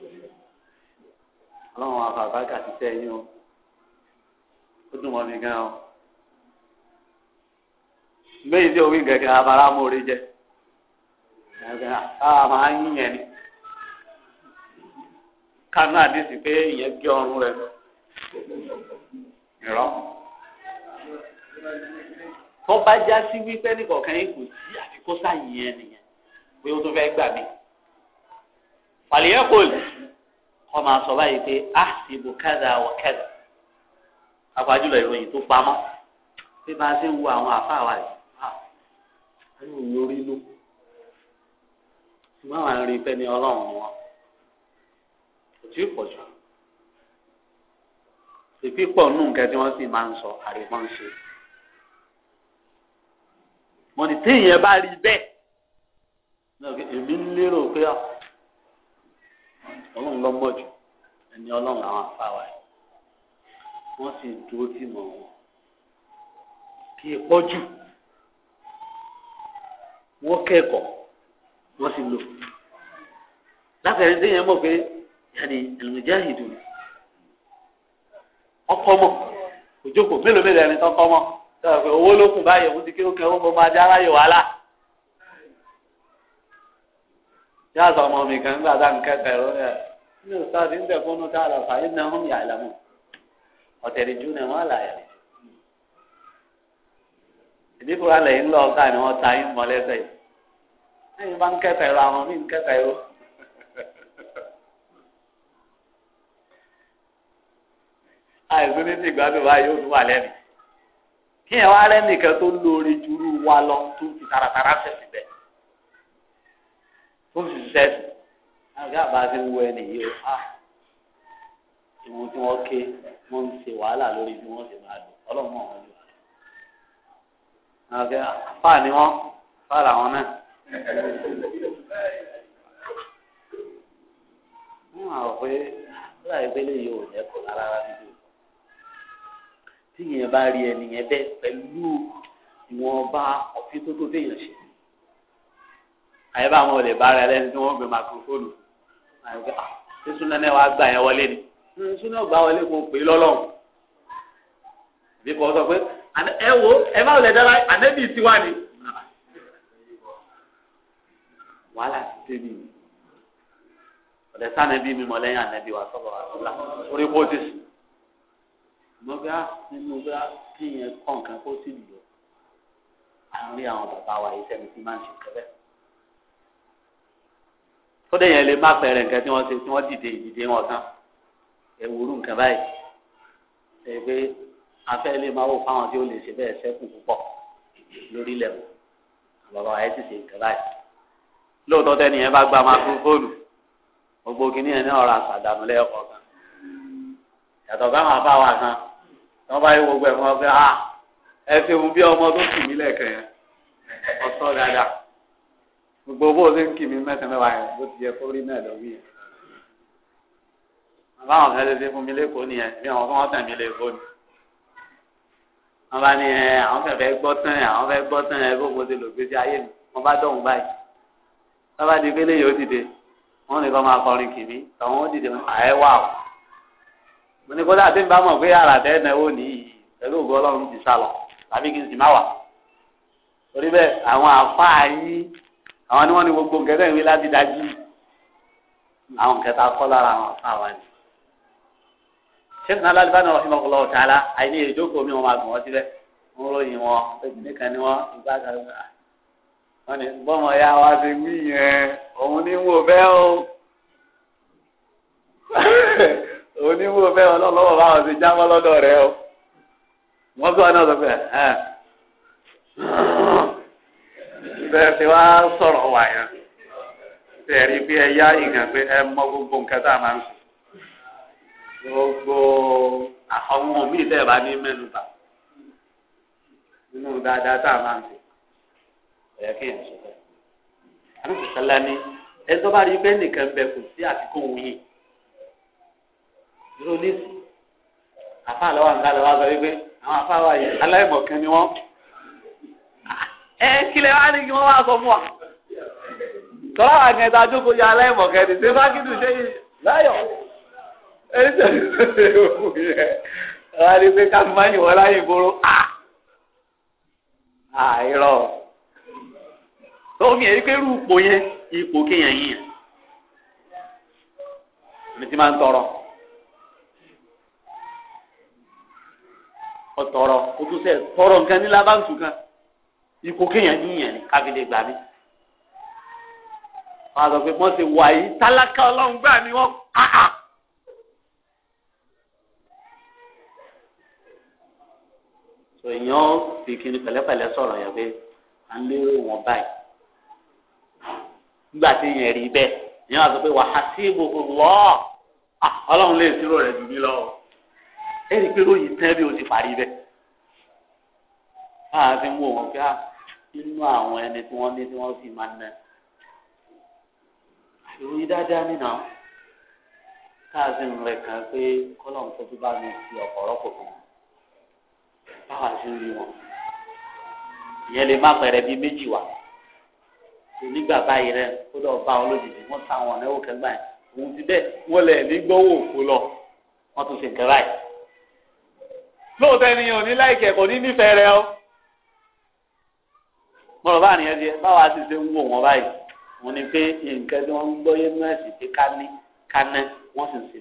ọlọ́run àfàbákà ti tẹ́ yín o ó dùn mọ́ mi gan o lẹ́yìn tí omi gẹ̀gẹ́ abara mòore jẹ a máa ń yín yẹn ni kánú àdìsí pé ìyẹn gé ọrùn rẹ ìrọ tó bá já sí wípé nìkọ̀ọ̀kan yìí kò sí àfikún sáyìn yẹn nìyẹn pé ó tún fẹ́ gbà mí. fàlìyẹ́ kò lè kọ́ máa báyìí pé ahsibu kádà wà kádà àpájùlọ ìròyìn tó pamọ́ pé bá a ṣe ń wo àwọn àfáà wa ah, a yóò lórí ló ṣùgbọ́n àwọn arìnrìn fẹ́ ọlọ́run wọn kò tí ì pọ̀ jù ìpí pọ̀ nù nǹkan tí wọ́n sì máa ń sọ àríwá ń ṣe bá rí bẹ́ẹ̀ èmi ń lérò pé ọ̀. Ah, ọlọ́run ló mọ̀ jù ẹni ọlọ́run làwọn afáwa yìí wọ́n sì dúró tì mọ̀ wọn kí ẹ pọ̀ jù wọ́n kẹ́kọ̀ọ́ wọ́n sì lò lákàrin tí yẹn mọ̀ pé yàrá ìlùmọ̀já ìdù ọkọ̀ mọ̀ òjòkó mélòó mélòó ẹni tó kọ́ mọ̀ sọ pé owó ló kù báyìí òun ti kí ó kẹ́ ó mọ̀ máa dá aráyè wàhálà. yá sọ ọmọ mi kan gbà tá à ń kẹ́kẹ́ rọ ẹ̀ ní ọ̀sáàdì ń tẹ̀kọ́nù tá a lọ fà yín náà hàn yà lẹ́mú ọ̀tẹ̀rì jù náà wọ́n là yà lẹ́mú. ìdí kura lẹ́yìn lọ ọ̀gá ni wọ́n ta yín mọ́lẹ́sẹ̀ yìí ẹ̀yin bá ń kẹ́kẹ́ rọ àwọn míì ń kẹ́kẹ́ rọ. àìsàn ní ti ìgbádùn báyìí yóò tún wà lẹ́nu kí ẹ̀ wá rẹ́ nìkan tó lóore jùlọ wa lọ tó fi taratara fẹ̀sì bẹ́ẹ̀ kó sì ṣiṣẹ́ sí àgbà àbá ti wú ẹni yìí ó à ìwọ̀n tí wọ́n ké wọ́n ń ṣe wàhálà lórí bí wọ́n ṣe máa lò ọlọ́run mọ̀ wọ́n jù wá. àgbà àfáà ni wọ́n àfáà làwọn náà. wọ́n á rò pé láì pé lè yọ òun ẹ̀kọ́ rárá níbi òun. tíyẹn bá rí ẹnìyẹn bẹ́ẹ̀ pẹ̀lú ìwọ̀nba ọ̀fítótó téèyàn ṣe àyè bá àwọn olè bára ẹlẹ́ni tí wọ́n gbé makrofóònù àyè pé súnà náà wàá gbà yẹn wọlé ni hmm, súnà gbà wọlé kò pè é lọ́lọ́run bí kò sọ pé ẹ wo ẹ má wọlé dára ànẹ́bí ti wà ní. wàhálà ti débi mi ọ̀dẹ̀ sànẹ́bí mi mọ̀ lẹ́yìn ànẹ́bí wa sọ̀rọ̀ àtúlá orí kó ti sùn. mo gbá nínú gbá kí yẹn kọ̀ọ̀kan kó sì lò á rí àwọn bàbá wa iṣẹ́ mi ti máa ń ṣe kẹ́lẹ́ kódé yẹn lè má pẹ̀rẹ̀ nǹkan tí wọ́n ṣe tí wọ́n dìde ìdìde wọn kan ewúrú nǹkan báyìí ẹ pé lè máa wò fáwọn tí ó lè ṣe bẹ́ẹ̀ sẹ́kù púpọ̀ lórílẹ̀ wò àbàbà ẹ̀ sì ṣe nǹkan báyìí lóòótọ́ tẹ́ni yẹn bá gba máikrófóònù gbogbo kìíní ní ọ̀rọ̀ àṣàdànù lẹ́ẹ̀kọ́ kan yàtọ̀ báwọn afáwà kan tí wọ́n bá yí gbogbo ẹ̀ mọ́ pé ah, ẹ ṣe òun bí ọmọ tó kù mí lẹ́ẹ̀kan yẹn dáadáa gbogbo bó o ṣe ń kì mí mẹ́sàn-án mẹ́wàá yẹn bó ti yẹ kó rí náà lọ́wọ́ yẹn. bàbá àwọn kan ṣe ṣe fún mi lẹ́kọ̀ọ́ nìyẹn bí àwọn kan wọ́n tẹ̀ mí lẹ́kọ̀ọ́ ni. wọ́n bá ní ẹ àwọn fẹ́ fẹ́ gbọ́ tán ẹ àwọn fẹ́ gbọ́ tán ẹ bó mo ṣe lò gbé sí ayé mi wọ́n bá dọ̀hún báyìí. wọ́n di pélé yìí ó dìde wọ́n ní kọ́ máa kọrin kì tọ̀hún ó dìde àẹ́ wà ó. mo ní kódà tí bá mọ̀ pé àràtẹ́ náwó nìyí pẹ̀lú ògo Ọlọ́run ti sálọ tàbí kí n sì má wà. torí bẹ́ẹ̀ àwọn àfáà yín àwọn ni wọ́n ní gbogbo nǹkan tẹ̀wé láti dájú àwọn nǹkan tá a kọ́ lára àwọn ọ̀fà wa ni. sẹ́kùn alálùbá náà wọ́n fi máa kọ́ lọ́wọ́ tààlà àìní ìjókòó mi wọ́n máa gùn wọ́n síbẹ̀ wọ́n ròyìn wọn nìkan ni wọ́n ìgbà kan wọ́n ní bọ́mọ ya wa ti wí yẹn òun ní wò bẹ́ẹ̀ o òun ní wò bẹ́ẹ̀ ọlọ́lọ́wọ́ báwọn ti jábọ́ lọ́dọ̀ rẹ o wọ́n sọ náà sọ pé ẹ̀ bẹ́ẹ̀ ti wá sọ̀rọ̀ wà yẹn tẹ̀rí bí ẹ yá ìgàn pé ẹ mọ gbogbo nǹkan tá a máa ń sọ gbogbo àwọn míì tẹ̀ bá ní mẹ́nu bà nínú dáadáa tá a máa ń sọ ẹ̀yà kéèyàn sọ bẹ́ẹ̀. àdúgbò sálá ni ẹ tó bá rí pé nìkan bẹ kò sí àtikó wuyì ìrònísì àfa àlọ́wà ńlá lọ́wọ́ sọ wípé àwọn afáwà yìí aláìmọ̀kan ni wọ́n ẹ kílẹ̀ wá ní kí wọ́n wá sọ fún wa. tọ́lá wà ní jókòó ya aláìmọ̀kẹ́ ni ṣé fákìtù ṣe yìí láyọ̀ ẹni tẹ̀lé òkú yẹn wọ́n á ní pé káfí máa yìnbọn láyé ìboro à à irọ́ tómi ẹ̀rí pé irú ipò yẹn ipò kéèyàn yìí yẹn mi ti máa ń tọrọ ọtọrọ o tún sẹ tọrọ nǹkan ní labantu kan ikú kéèyàn yíyàn ní kábílẹ̀ gbà mí. wọ́n á sọ pé wọ́n ti wà yìí tálákà ọlọ́run gbà mí wọ́n áhà. sọ èèyàn fi kiri pẹ̀lẹ́pẹ̀lẹ́ sọ̀rọ̀ yẹn pé à ń lérò wọn báyìí. nígbà tí èèyàn rí bẹ́ẹ̀ èèyàn á sọ pé wàhálà sí gbogbo wọ́ọ̀ ọlọ́run lè ṣírò rẹ̀ dùn mí lọ́wọ́ ẹ̀rí pé lóyìn tẹ́ bí o ti parí bẹ́ẹ̀. a fi ń wo wọn pé a ah, nínú àwọn ẹni tí wọ́n ní tí wọ́n fi máa ná ìròyìn dáadáa nínú àwọn káàsì ńlẹ̀ kan pé kọ́lọ̀ ń tọ́jú bá mi fi ọ̀pọ̀ rọ́pò fún wọn báwa ṣe ń rí wọn ìyẹn lè má pẹ̀rẹ̀ bíi méjì wá onígbà báyìí rẹ kó lọ bá wọn lójijì wọn sá wọn lẹ́wọ́ kẹgbà yẹn òun ti bẹ́ẹ̀ wọ́n lẹ̀ ní gbọ́wọ́ òfo lọ wọ́n tún ṣe nǹkan báyìí lóòótọ́ ẹni ò ní láìkẹ́ ní nífẹ̀ẹ́ rẹ o. mọ̀rọ̀ rò bá nìyẹn di báwa sì ṣe ń wò wọn báyìí wọn ni pé nǹkan tí wọn ń gbọ́ yé pé ká ní ká ná sì ń wọ́n la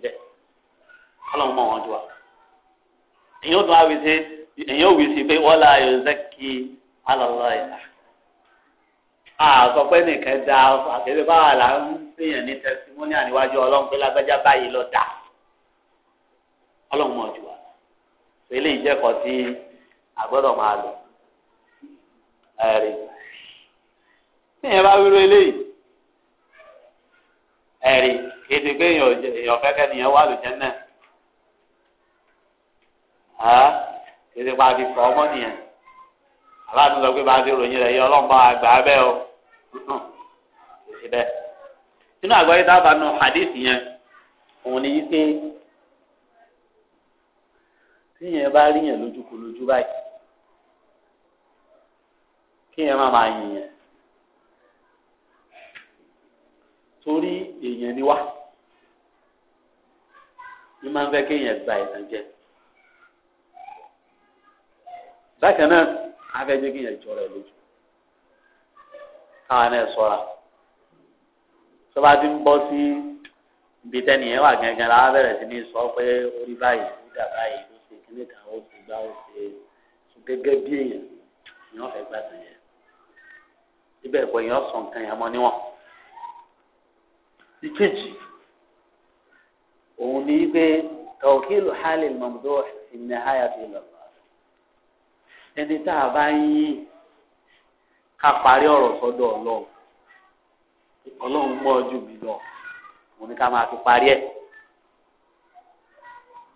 alọ́lọ́ ìlà. pé pé lágbájá báyìí lọ dà ọlọ́run tíyẹn bá wíro eléyìí ẹ̀rí kéde pé èèyàn fẹ́kẹ́ nìyẹn wà lójẹ́ náà kéde pa àti sọ ọmọ nìyẹn aláàbí sọ pé bá a ti ròyìn rẹ̀ yẹ ọlọ́mọ àgbà bẹ́ẹ̀ o kò sí bẹ́ẹ̀. inú àgbáyé dábàá nu hadith yẹn òun ni yí pé tíyẹn bá ríyàn lójúkulójú báyìí kíyẹn má máa yìnyẹn. torí èèyàn ni wá ní máa ń fẹ́ kéèyàn gba ìtàn jẹ bákan náà afẹ́jẹ́ kéèyàn jọra ẹ̀ lójú káwọn náà sọ́ra tó bá ti ń bọ́ sí ibi tẹ́nìyẹn wà gángan la bẹ̀rẹ̀ sí ní sọ pé orí báyìí ó dà báyìí ó ṣe kíní kan ó ṣe gbá ó ṣe gẹ́gẹ́ bí èèyàn ni wọ́n fẹ́ gbà tàn yẹn ibẹ̀ pé èèyàn sọ nǹkan yẹn mọ́ níwọ̀n ìkejì òun ni wípé tawkilu halil mamduh fi nihayati ilallah ẹni tá a bá ń yí ká parí ọ̀rọ̀ sọ́dọ̀ ọlọ́run ọlọ́run mọ́ ojú mi lọ òun ni ká máa fi parí ẹ̀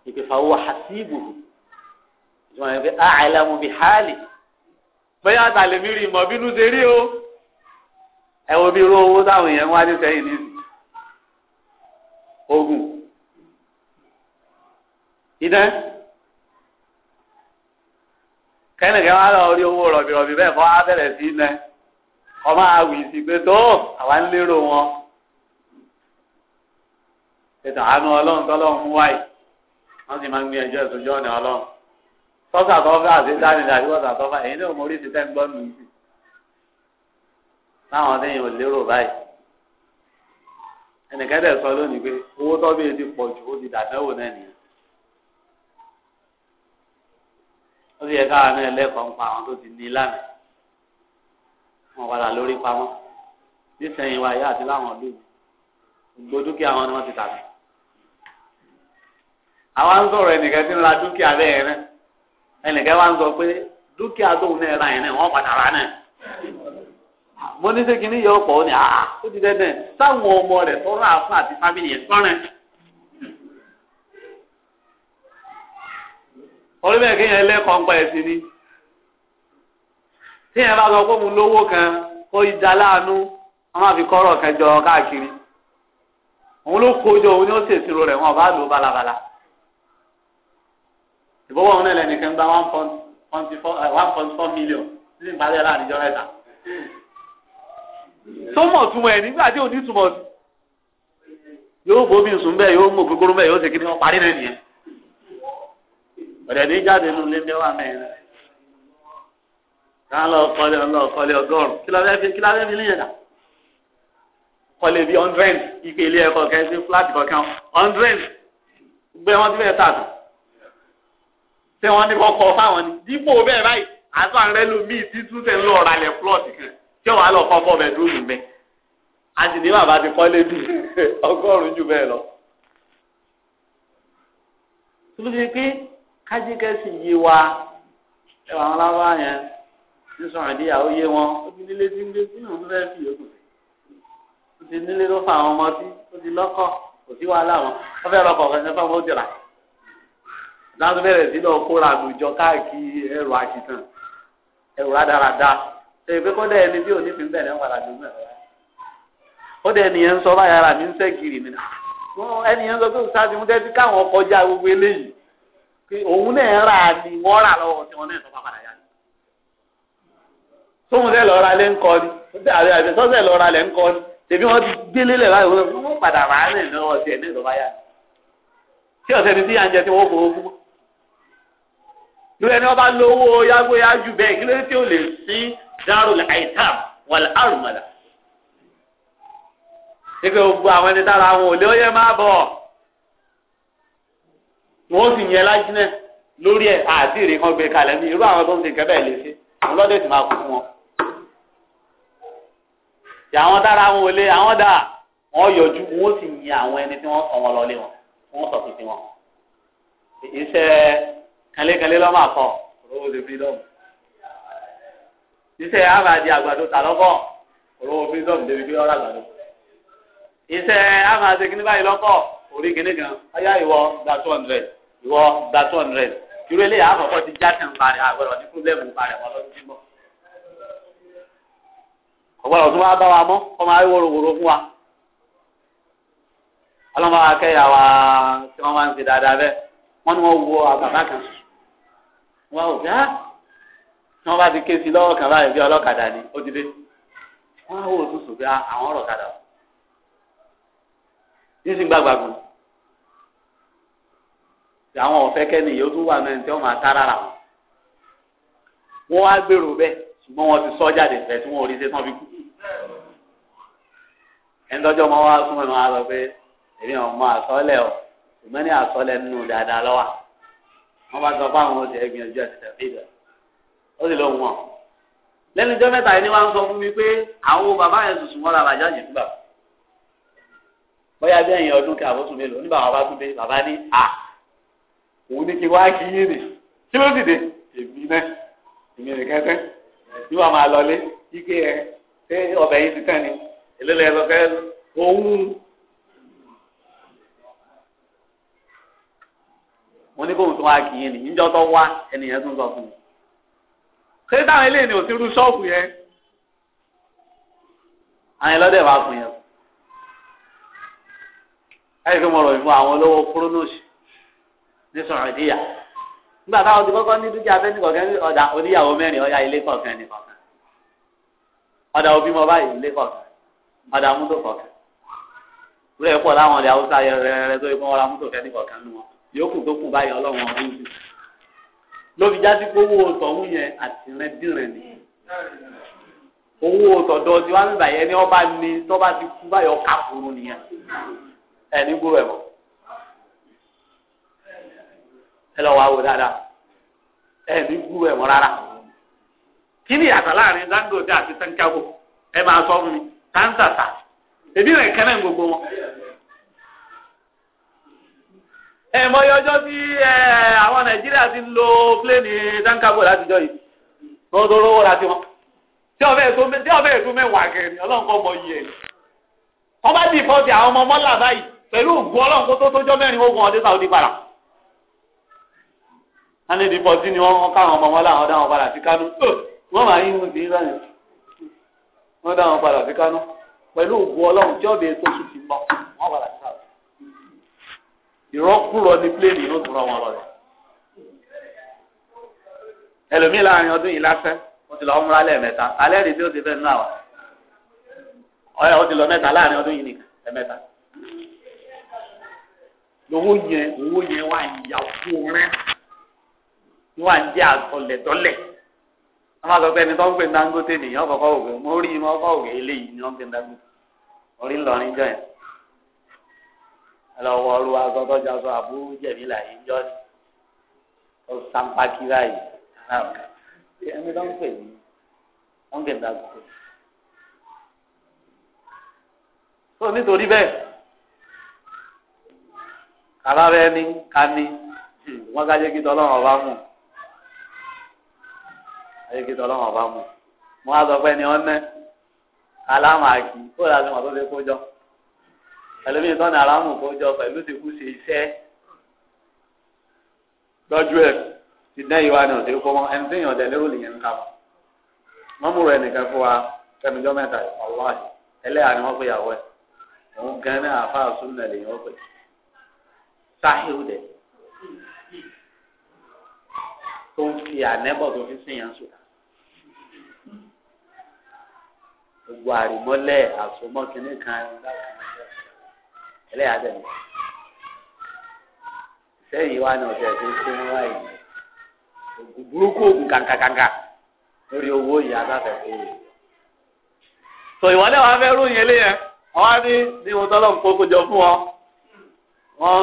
ìpèfà owó hasibu ìjọba yẹn pé a'lamu bi hali bóyá àtàlẹ́mí rí ìmọ̀ bínú ṣe rí o ẹ bí irú owó táwọn èèyàn wá ní sẹ́yìn ní ogun idán kẹ́nìkan wá lọ orí owó rọ̀bìrọ̀bì bẹ́ẹ̀ fọ́ á bẹ̀rẹ̀ sí iná ọmọ àwì sí pé tó àwa ń lérò wọn ètò àánú ọlọ́run tọ́lọ́run fún wáyé wọ́n sì máa ń gbìyànjú ẹ̀sùn jọ́ ọ̀nà ọlọ́run sọ́sà tọ́fà àti dánilá àti wọ́sà tọ́fà èyí ni òun orí ti tẹ́ ń gbọ́ nù sí láwọn tí yìí ò lérò báyìí ẹnìkan dẹ̀ sọ lónìí pé owó tó bíi ti pọ̀ jù ó ti dàdánwò náà nìyẹn. ó sì yẹ káwa náà lẹ́kọ̀ọ́ ń pa àwọn tó ti ní lánàá wọn padà lórí pamọ́ nísìnyí wa ìyá àti láwọn ìlú gbogbo dúkìá wọn ni wọ́n ti tà mí. àwa ń sọ̀rọ̀ ẹnìkan tí ń ra dúkìá bẹ́ẹ̀ rẹ́ ẹnìkan wa ń sọ pé dúkìá tóun náà ra yẹn náà wọ́n padà rà náà mo ní sẹ́kì ní yọ̀ ó ní àá ah, ah, ó ti dẹ́dẹ̀ táwọn ọmọ rẹ̀ tó rà fún àti fámìlì yẹn tọ́rẹ̀. orí bẹ́ẹ̀ kéèyàn lẹ́kọ̀ọ́ ń pa ẹ̀sìn ni téèyàn bá sọ pé mo lówó kan ó yí da láàánú wọn máa fi kọ́rọ̀ kan jọ káàkiri òun ló kojọ òun ni ó ṣèṣirò rẹ̀ wọn bá lò balabala ìbọwọ́ òun náà lẹ́nìkan gba one point eh, four million ní ìpàdé láàrin ìjọ mẹ́ta tó mọ̀ túmọ̀ ẹ̀ nígbà tí ò ní túmọ̀ yóò bomi sùn bẹ́ẹ̀ yóò mú kúkúrú bẹ́ẹ̀ yóò ṣe kí ni parí lẹ́nu ọ̀dẹ̀ ní jáde nù lé mẹ́wàá mẹ́rin ká lọ kọ́lé lọ kọ́lé ọgọ́rùn kí lọ́ọ́ fi kí lọ́ọ́ fi léyìn dà kọ́lé bíi hundred ipe ilé ẹ̀kọ́ kẹ́sí fúláàtì kọ̀ọ̀kan hundred gbé wọn ti fẹ́ tà tó ṣé wọn ní kọ́ fáwọn ni dípò bẹ́ẹ̀ báyìí àtọ́ àrẹ́lómi ti tẹ̀ ń lọ ọ̀rọ̀ alẹ́ plọ̀tì kan tí wàá lọ kọ́ fọ́ọ̀mù ẹ̀dúró bẹ́ẹ̀ àti ní bàbá ti kọ́lé bí ọgọ́rùn-ún jù bẹ́ẹ̀ lọ. Tóbi ti pé kájíkẹ́sì yé wa ẹ wà wọn lábá yẹn sísun àdéyàwó yé wọn ó nílé tí ń gbé sínú òun fẹ́ fi yòókù ó ti nílé ló fa àwọn ọmọ sí ó ti lọ́kọ̀ kò sí wàhálà wọn wọ́n fẹ́ lọ́kọ̀ ọ̀kan ẹ̀fọ́ wọn ó láti bẹ̀rẹ̀ sí lọ kóra àlùjọ káàkiri ẹrù àkìtàn ẹrù rádaràda ṣe pé kódà ẹni tí òní fi ń bẹ̀rẹ̀ ń wà láti ó dẹ̀ ẹnìyẹn ń sọ báyà rà mí ń sẹ́ kiri mi ẹnìyẹn sọ pé òṣìṣẹ́ ti mú tẹ́tí káwọn kọjá gbogbo eléyìí pé òun náà rà ni wọ́n rà lọ́wọ́ tí wọ́n náà sọ pàpàdà yá ni. sóhun sẹ́ lọ́ọ́ ra lẹ́ ń kọ́ ni àbẹ̀ sọ́sẹ̀ lọ́ọ́ ra lẹ́ ń kọ́ ni tèmi wọ́n ti gbélé lẹ̀ báyìí wọ́n padà rà á lẹ̀ lọ́wọ́ tí ẹni wọn darul aitam wal armala ṣégbé gbogbo àwọn ẹni tára àwọn òlé ọyẹ máa bọ̀ wọ́n sì yẹn lájínẹ́ lórí ẹ̀ àti ìrè kan gbé kalẹ̀ ní irú àwọn tó ń ṣe nǹkan lè ṣe àwọn lọ́dẹ̀ sì máa kú wọn. ìyá àwọn tára àwọn òlé àwọn dà wọ́n yọjú wọ́n sì yẹn àwọn ẹni tí wọ́n sọ wọn lọlé wọn wọ́n sọ fífi wọn. iṣẹ́ kẹlẹ́kẹlẹ́ lọ́mọ àkọ́ òróró lè fi lọ́mọ. iṣẹ́ amadi àgbàdo ta lọ́kọ̀ òrò freedom débi kí ọ̀rọ̀ àgbàdo iṣẹ́ amadi kí ní lọ́kọ̀ orí kìíní kan ìwọ gba two hundred ìwọ gba two hundred irú eléyà àkọ́kọ́ ti já ń parẹ́ àgbẹ̀rọ̀ ní parẹ́ tó máa wa tí máa ń ṣe dáadáa wo àgbàbá kan tí wọ́n bá ti ké sí lọ́wọ́ kan báyìí bí ọlọ́kadà ni ó ti dé wọ́n á wò ó sùn pé ah, àwọn ọ̀rọ̀ kadà ó yín sì gbàgbà gùn àwọn ọ̀fẹ́ kẹ́ni yóò tún wà náà tí wọ́n máa tá rárá wọn wọ́n wá gbèrò bẹ́ẹ̀ ṣùgbọ́n wọ́n ti sọ jáde fẹ́ tí wọ́n ò rí ṣe tán fi kú ẹni lọ́jọ́ máa wá súnmọ́ ẹ̀ máa lọ pé èmi ò mọ àsọ́lẹ̀ o ṣùgbọ́n ní àsọ́lẹ̀ nínú dáadáa lọ́wọ́ wọ́n bá sọ fún àwọn oṣù ó sì lọ wọn lẹ́nu jọ́ mẹ́ta yìí ni wọ́n sọ fún mi pé àwọn bàbá yẹn sùsù mọ́ra làjá jì fún bàbá bóyá bí ẹ̀yìn ọdún kí àbọ̀tún mélòó ní bàbá bá tún dé bàbá ní à òun ní kí wá kí yé rè kí ló dìde èmi náà èmi rè kẹ́tẹ́ ní wàá máa lọlé ike ẹ ṣé ọbẹ̀ yìí ti tán ni èlé lẹ́yìn lọ́kẹ́ òun mo ní kóhun tó wá kí yé ni níjọ́ tó wá ẹnìyẹn tún sọ fún mi ṣé táwọn eléyìí ni ò sí irú ṣọ́ọ̀bù yẹn àyìn lọ́dẹ̀ wàá fún yẹn ẹ̀yìn fún mọ̀rọ̀ ìfún àwọn olówó kúrónóṣì ní sọ̀rọ̀ ìdíyà nígbà táwọn ti kọ́kọ́ ní dúkìá fẹ́ẹ́ nìkọ̀kẹ́ ní ọ̀dà oníyàwó mẹ́rin ọ̀yà ilé kọ̀ọ̀kan nìkọ̀kan ọ̀dà òbí mọ báyìí ilé kọ̀ọ̀kan ọ̀dà mútò kọ̀ọ̀kan wúlẹ̀ pọ̀ láwọn ọ̀dà haúsá yẹrẹrẹrẹ tó yẹ kó wọ́n ra mútò kẹ́ nìkọ̀kan nù wọn yòókù tó kù báyìí ọlọ́run ọdún sí lóbi jáde pé owó tọ̀hún yẹn àtìrẹ́dìrẹ́ ni owó tọ̀dọ̀ tí wọ́n ń gbà yẹn ni ọba ní tọ́ba ti kú báyọ̀ káfóró nìyẹn ẹni gbúrò ẹ̀ mọ́ ẹ lọ́ wàá wò dáadáa ẹni gbúrò ẹ̀ mọ́ rárá kí ni ìyàtọ̀ láàrin Dangote àti Sankago ẹ máa sọ fún mi táǹtàtà èmi rẹ̀ kẹ́mẹ́ gbogbo wọn ẹ mọyì ọjọ́ tí àwọn nàìjíríà ti ń lo pléènì tankago látijọ́ yìí lọ́dọ̀ọ́rọ́wọ́ láti wọn tí ọbẹ̀ ètò mẹ́wàá gẹ̀rẹ́ ọlọ́run kọ́ mọyì ẹ̀ wọ́n bá dì fọ́ọ̀tì àwọn ọmọ mọ́là báyìí pẹ̀lú ògùn ọlọ́run kó tó tójọ́ mẹ́rin ogun ọdẹ sáwọ́dí padà wọ́n ní dìfọ́ọ̀tì ni wọ́n káwọn ọmọ mọ́là wọn dá padà sí kánú wọ́n máa yín ní ìlànà wọ́n dá padà sí kánú pẹ̀lú ògùn ọlọ́run tí ọbẹ̀ ètò sì ti mọ́ wọ́n padà sí ìrọ́kùrọ̀ ní pléènì yóò tún rán wọn lọ rẹ̀ ẹlòmíì láàrin ọdún yìí lásán ó ti lọ ọmúra lẹ́ẹ̀mẹ́ta alẹ́ rèé tí ó ti fẹ́ nínú àwa ọ̀yà ó ti lọ mẹ́ta láàrin ọdún yìí nìkan ẹ̀mẹ́ta lówó yẹn owó yẹn wà ń yà fún rẹ wà ń jẹ àtọlẹtọlẹ wọn máa sọ pé ẹni tó ń pè Dangote nìyẹn ọkọọkọ òkè mo rí i mo kọ òkè eléyìí ni wọn ń pè Dangote orí ńlọrin jọ yẹn ẹlọ́wọ́ ọlọ́wọ́ agbọ́dọ́jà sọ àbúrò jẹ̀mí làyè ń jọ́ ni ó sàǹpákí báyìí ẹni tó ń pè ní wọ́n kì í da gbogbo. tó nítorí bẹ́ẹ̀ kàlára ẹni kani wọ́n ká jẹ́ kí tọ́lọ́run ọba mú jẹ́ kí tọ́lọ́run ọba mú wọ́n á sọ pé ẹni ọ̀nẹ́ alámàkì kó làásùmọ̀ tó lè kó jọ ẹlẹ́mìí tán ní aráàmù kó jọ pẹ̀lú ti kú ṣe iṣẹ́ lọ́jọ́ ẹ̀ ti dẹ́ ìwà ni òde kọ́ mọ́ ẹni tí èèyàn dẹ̀ lérò lèyẹn ń kà mọ́. wọ́n múra ẹnìkan fún wa kẹ́mijọ́ mẹ́ta ọlọ́ọ̀hì ẹlẹ́yà ni wọ́n pè yàwó ẹ̀ òun gan ní àfa àsúnà lèyìn ó pè sáhìú dẹ̀ tó ń fi ànẹ́bọ̀ tó fi sìn yẹn sùn. gbogbo àrìmọ́lẹ̀ àsomọ́ kìnnìkan ẹ̀ńdá kan ẹlẹ́yà tẹ̀lé sẹ́yìn wa ni ọ̀sẹ̀ tó ṣe ní wáyé ògùn burúkú ògùn kàǹkàǹkà lórí owó yìí adáfẹ́ tó yẹ. sọ ìwọ náà wàá fẹ́ ròyìn eléyẹ wọn á ní ní ohun tọ́lọ̀ ń kókó jọ fún ọ wọn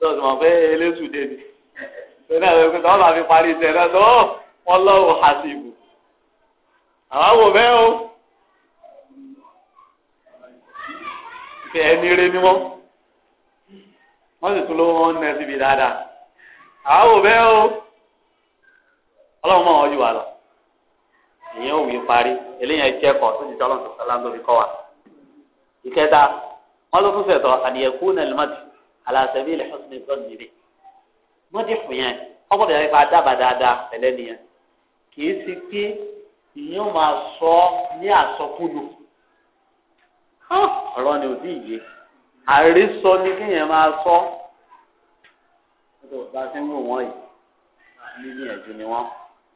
tọ̀sí wọn fẹ́ eléṣù débi tó náà lè pèsè ọlọ́ọ̀ parí iṣẹ́ náà tó wọn lọ́wọ́ àṣìbù àwọn wò bẹ́ẹ̀ o ẹni rẹ ni wọ́n wọ́n sì tún lówó wọn nẹ síbi dáadáa àwọn òbẹ́ o ọlọ́run mọ̀ wọ́n jù wá lọ ìyẹn òwì parí eléyàn kẹ́kọ̀ọ́ tó ti tọ́lọ́ sọ̀tọ́ láńdó fi kọ́ wa ìkẹta wọn ló tún fẹ̀tọ́ àdìyẹ̀kú nàìjíríà aláṣẹ́bí ilẹ̀ ọ̀sìn ìtọ́ nìyẹn mọ́tì fún yẹn ọgbọ́dọ̀ yẹn fa dábàá dáadáa pẹ̀lẹ́ nìyẹn kì í sì pé ìyẹn máa sọ ní àsọkúlù ọ̀rọ̀ ni ò àrísọ ni kéèyàn máa sọ bá a ti ń wò wọ́n yìí nígbìyànjú ni wọ́n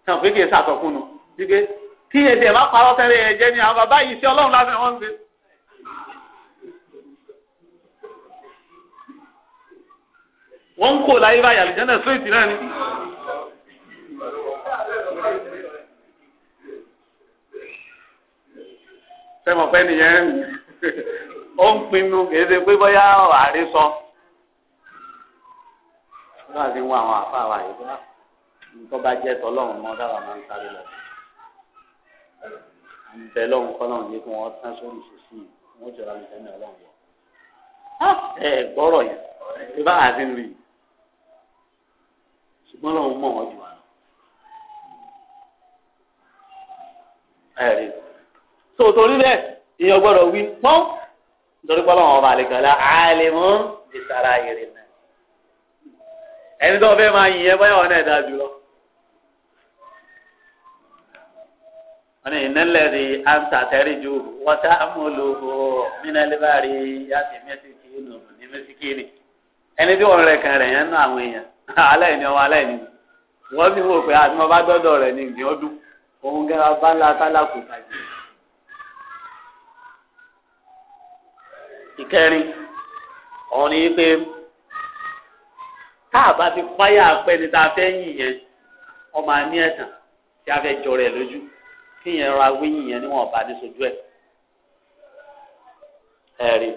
tí wọ́n fi kéè sàtọ̀kùnù wípé kí èdè ẹ̀ má parọ́ tẹ́lẹ̀ ẹ̀ jẹ́ ni àwọn bàbá yìí sí ọlọ́run lábẹ́ wọn ṣe. wọ́n ń kó láyé báyà lè jẹ́nà síréètì náà ni. sẹ́mọ̀ pẹ́ nìyẹn ó ń pinnu kì ṣe pé bóyá àárín sọ. wọ́n àti wọn àwọn àfa wa yìí bá nǹkan bá jẹ́ tọ́lọ́run mọ́ dábàá máa ń sáré lọ. àǹbẹ̀ lọ́hùn kọ́ náà yé kí wọ́n tán sórí ìṣesí wọn jọra ní sẹ́mi ọlọ́run wọ̀. ẹ gbọ́rọ̀ yẹn ṣé bá àti ń rí i ṣùgbọ́n lọ́hùn mọ̀ wọ́n jù wá lọ. ẹ̀rí. sòtòrí bẹ́ẹ̀ èèyàn gbọ́dọ̀ wí pọ́n nítorí pé ọlọ́run ọba àlejò ọ̀la àlèmú ìsara ayèrè náà ẹni tó fẹ́ máa yìn yẹn báyà wọn náà dáa jùlọ. wọ́n ní ìnẹ́lẹ̀ rí ansa tẹ́rí ju wọ́tá amúlò mínálíbárì yàtì mẹ́sìkìnì ní mẹ́sìkìnì ẹni tí wọ́n rẹ̀ kàn rẹ̀ yẹn nú àwọn èèyàn aláìní ọmọ aláìní wọ́n sì wò pé àti wọn bá dọ́dọ̀ rẹ̀ ní ìdí ọdún òun gẹ́gẹ́ bá ńlá tálákùú tàbí. ìkẹrin ọ̀hún ni pé tá a bá fi páyà tá a fẹ́ yìn yẹn ẹ̀sán tí a fẹ́ jọrọ ẹ̀ lójú kí yẹn ra wíyìn yẹn níwọ̀n ọba ní sojú ẹ̀ ẹ̀rí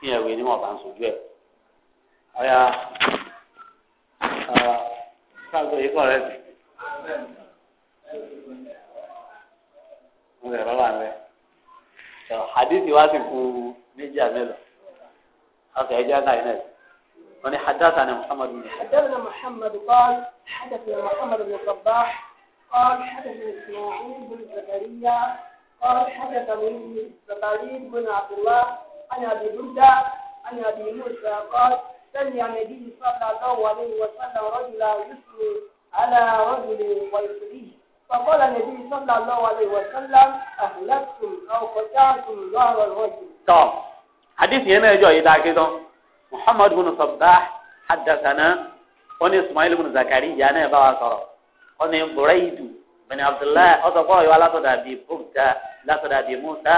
kí yẹn wí ní sojú ẹ̀ ọ̀yà yìí kọ̀ rẹ̀ sí. نجا ميلا أخي إجازة هنا وني عن محمد بن حدثنا محمد قال حدث محمد بن صباح قال حدث إسماعيل بن زكريا قال حدث من زكريا بن عبد الله عن أبي بردة عن أبي موسى قال سمع النبي صلى الله عليه وسلم رجلا يسري على رجل ويسريه فقال النبي صلى الله عليه وسلم أهلكتم أو قتلتم ظهر الرجل tọ́ hadith yẹn náà jọ yìí dáa kíkan muhammad bin sabah hadathana ó ní ismail bin zakariya náà bá wa sọ̀rọ̀ ó ní buraidu bin abdullahi ó sọ fún ọ̀yọ́ alátọ̀dà bíi bukta látọ̀dà bíi musa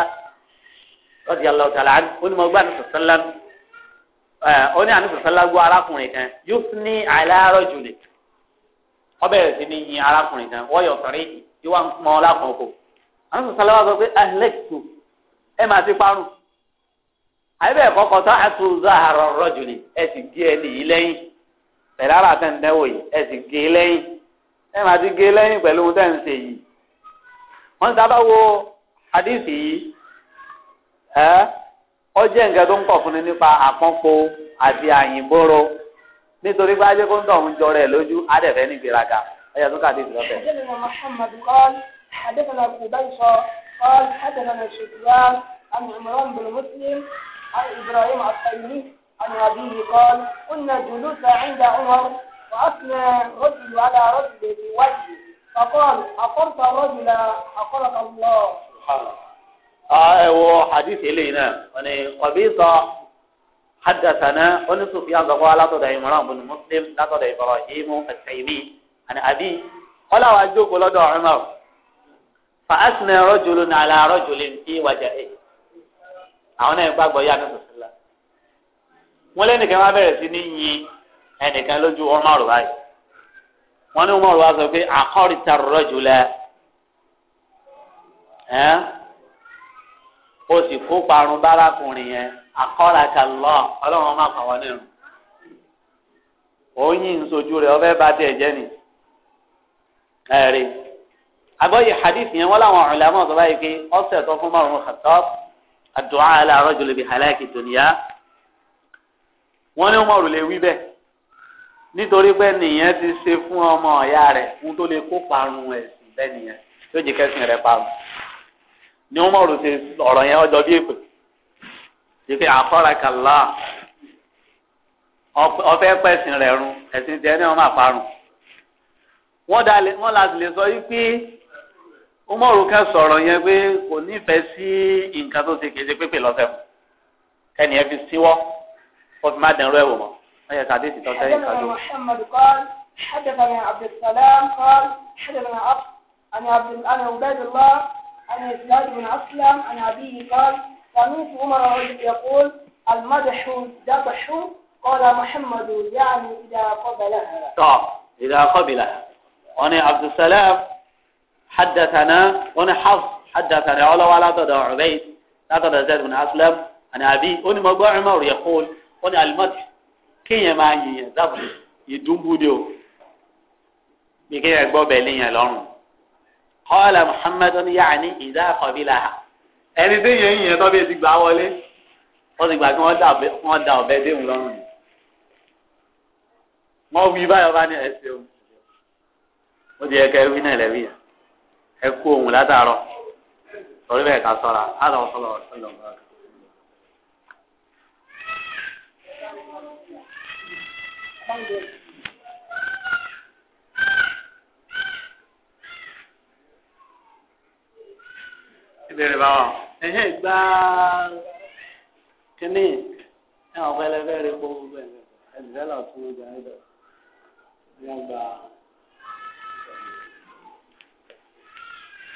radiyallahu ta'ala anhu ó ní mo gbá nípa sálám ó ní ànípa sálám gbọ́ arákùnrin kan yusni ala rajuli ó bẹ̀rẹ̀ sí ní yin arákùnrin kan wọ́yọ̀ sọ̀rí ìwà ń pọn ọlá kan kò ànípa wà sọ pé ahlẹ́kìtù ẹ̀ máa ti parun àyẹ̀bẹ̀ kọ́kọ́ tó àtún záhàrọ̀ rọ́jù ni ẹ sì gé ẹ nìyí lẹ́yìn pẹ̀lú ara tẹ̀ ń dẹ́wò yìí ẹ sì gé e lẹ́yìn ẹ máa ti gé e lẹ́yìn pẹ̀lú ohun tẹ̀ ń ṣe yìí. wọ́n ti dábàá wo àdìsí yìí ẹ́ ọ jẹ́ nǹkan tó ń pọ̀ fún ni nípa àpọ́npo àti àyìnbóró nítorí bá jẹ́ kó ń dọ̀hún jọrọ ẹ̀ lójú adẹ̀fẹ́ ní ìgbéraga ẹ̀yà tó kàdé ìdílọ́fẹ́. حدثنا أبو بيصة قال حدثنا سفيان عن عمران بن مسلم عن إبراهيم الطيلي عن أبيه قال كنا جلوسا عند عمر وأثنى رجل على رجل في وجهه فقال أقرت رجلا أقرك الله سبحان الله آه هو حديث إلينا يعني قبيصة حدثنا أن سفيان ذكر لا تدع عمران بن مسلم لا تدع إبراهيم التيمي عن أبي قال وأجوك لدى عمر فأثنى رجل على رجل في وجهه àwọn náà gbàgbọ́ yá ní sọ̀sílá wọ́n lẹ́nìkan wá bẹ̀rẹ̀ sí ní yin ẹnìkan lójú ọmọrù báyìí wọ́n ní ọmọrù wá sọ pé àkọ́rìtà rọ́jù lẹ ẹ́ o sì kó parun bárakùnrin yẹn àkọ́ràkà lọ ọlọ́run má pa wọn nínú òun yìí ń sojú rẹ̀ ọbẹ̀ bá tiẹ̀ jẹ́ ni ẹ̀rí agbọ́yé hadith yẹn wọ́n láwọn ọ̀rìn làwọn ọ̀sọ́ báyìí pé ọ̀sẹ̀ tó fún márùn-ún kàtọ́ọ̀tù àdúà ala rajul bi halaki dunya wọ́n ní Umaru lè wí bẹ́ẹ̀ nítorí pé nìyẹn ti ṣe fún ọmọ ọ̀yá rẹ̀ fún tó lè kó parun ẹ̀sìn bẹ́ẹ̀ nìyẹn yóò jẹ́ kẹ́sìn rẹ̀ parun ni Umaru ṣe ọ̀rọ̀ yẹn ọjọ́ bí èpè ìpè àkọ́rakàlá ọ̀fẹ́ pẹ̀sìn rẹ̀ run ẹ̀sìn tiẹ̀ ní ọmọ àparun wọ́n láti lè sọ yí pé umaru ká sọ̀rọ̀ yẹn pé kò nífẹ̀ẹ́ sí nǹkan tó ṣe kéde pépè lọ́sẹ̀ fún kẹ́ni ẹ fi síwọ́ kó fi má dẹ̀ rú ẹ̀ wò mọ́ wọ́n yẹ kàdé ìsìtọ́ sẹ́yìn kàdó. حدثنا عبد السلام قال حدثنا عبد عن عبد عن عبيد الله عن اسلام بن اسلم عن ابيه قال سمعت عمر يقول المدح دبح قال محمد يعني اذا قبلها. طب اذا قبلها. وانا عبد السلام حدثنا وانا حفص حدثنا على لا تدع عبيد لا تدع زيد بن أسلم عن أبي أن مبا عمر يقول أن المدح كي يماني يذبح يدوم بوديو بكي يقبو بلين يلون قال محمد يعني إذا قبلها أني tí yẹn yẹn tọ́ bí ti gbà wọlé wọ́n ti gbà kí wọ́n da ọ̀bẹ déhùn lọ́rùn ni wọ́n wí báyọ̀ bá ní ẹsẹ̀ o ẹ kú ohun látàárọ̀ sọrí bẹ́ẹ̀ ká sọ́ra àlọ́ sọ́lọ́ sọ́lọ́ sọ́lọ́. ìbéèrè báwọn ẹ̀hẹ́ gbá kínní ẹ̀ ọ̀pẹ̀lẹ̀ bẹ́ẹ̀ rí kó gbogbo ẹ̀ ẹ̀ ẹ̀ lọ́tún ọjà ẹ̀dọ̀ ní ọgbà.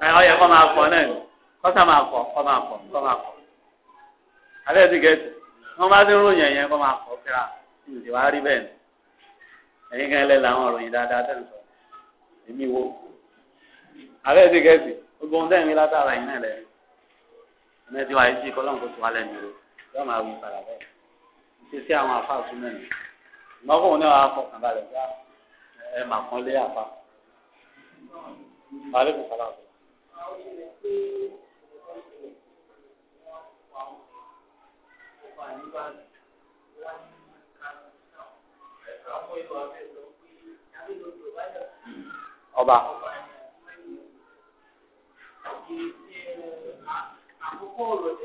ẹ ọ yẹ kọ́ máa kọ́ náà ni kọ́ sá máa kọ́ kọ́ máa kọ́ kọ́ máa kọ́ alẹ́ ti gẹ̀ẹ́sì wọ́n bá ti ń ròyìn ẹ̀yẹn kọ́ máa kọ́ kíra ǹdí wàá rí bẹ́ẹ̀ ni ẹ̀yin kan lẹ́ làwọn ròyìn dáadáa tẹ̀ ń sọ èmi wo alẹ́ ti gẹ̀ẹ́sì gbogbo ohun tẹ̀mí látara yìí náà lẹ̀ ẹ̀mẹ́ ti wà á jí kọ́lọ́n kó tó wà lẹ́nu rẹ̀ yọ máa wí padà bẹ́ẹ̀ ṣe sí àwọn afá àtúnmẹ̀ mi ìmọ̀kùnrin náà wà fọkàn balẹ̀ ah, ẹ mà kán lé àfa. Wa alaikum salaam ọba. àkókò ọ̀rọ̀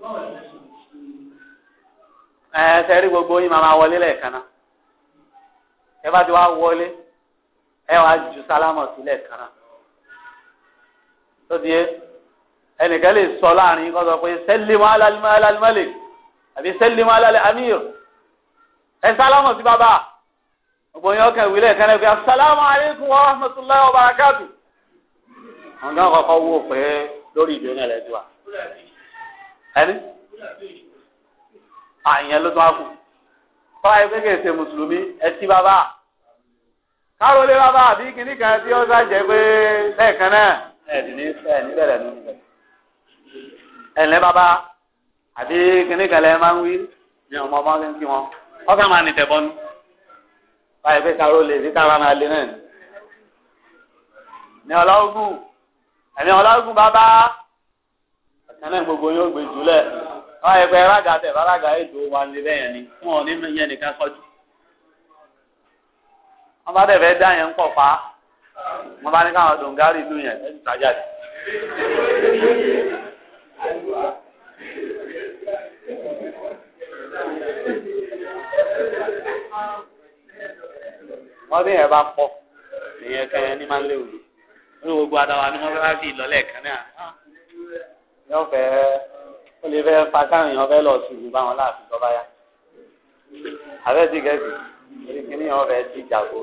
ẹ sẹ́rí gbogbo yín máa wọlé lẹ́ẹ̀kan náà ẹ bá ti wá wọlé ẹ wàá ju sálámọ̀ sí lẹ́ẹ̀kan náà tó di yé ẹnìkan lè sọ láàrin kó sọ pé sẹ́lẹ̀mọ́ alálìmọ́lẹ̀ àbí sẹ́lẹ̀mọ́ alálẹ̀ amír ẹ sálámọ̀ sí bàbá gbogbo yín ọkàn ìwílẹ̀ kan náà fi asalaamu aleykum wa rahmatulahi wa barakatu. wọn gán kọ́kọ́ wò pé lórí ìdè náà lẹ́jọ́ ẹni àyẹn ló tún á kù báyìí pé kì í ṣe mùsùlùmí ẹtí bàbá kárólé bàbá àbí kìnnì kan tí ó ṣàjẹ́ pé lẹ́ẹ̀kan náà ẹ̀dùn ní ẹ̀ níbẹ̀rẹ̀ ní ìbẹ̀rẹ̀ ẹ̀lẹ́ bàbá àbí kìnnì kan lẹ́ẹ̀ máa ń wí ní ọmọ ọmọ fi kí wọn ọkà máa nìtẹ̀ bọ́nu báyìí pé kárólé bí kára máa lé náà ní ọlọ́gùn ẹ̀mí ọlọ́gùn bàbá. ẹnẹ gbogbo yóò gbé jùlẹ wọn yẹ pé tẹ alága ètò wa lè ni ní yẹn nìkan kọjú wọn bá tẹfẹ dá yẹn ń pọ pa wọn bá ní káwọn yẹn ẹni tàjà dé. wọn bí yẹn bá pọ ìyẹn kẹyẹ ní máa ń léwu ní gbogbo adáwa ni wọn fẹẹ fi kan yóò fẹ́ ó lè fẹ́ fa káwọn èèyàn fẹ́ lọ ṣubú báwọn láàfin tó bá yá àbẹ́ ti gẹ̀ẹ́sì orí kìíní yẹn wọ́n fẹ́ ti jà kó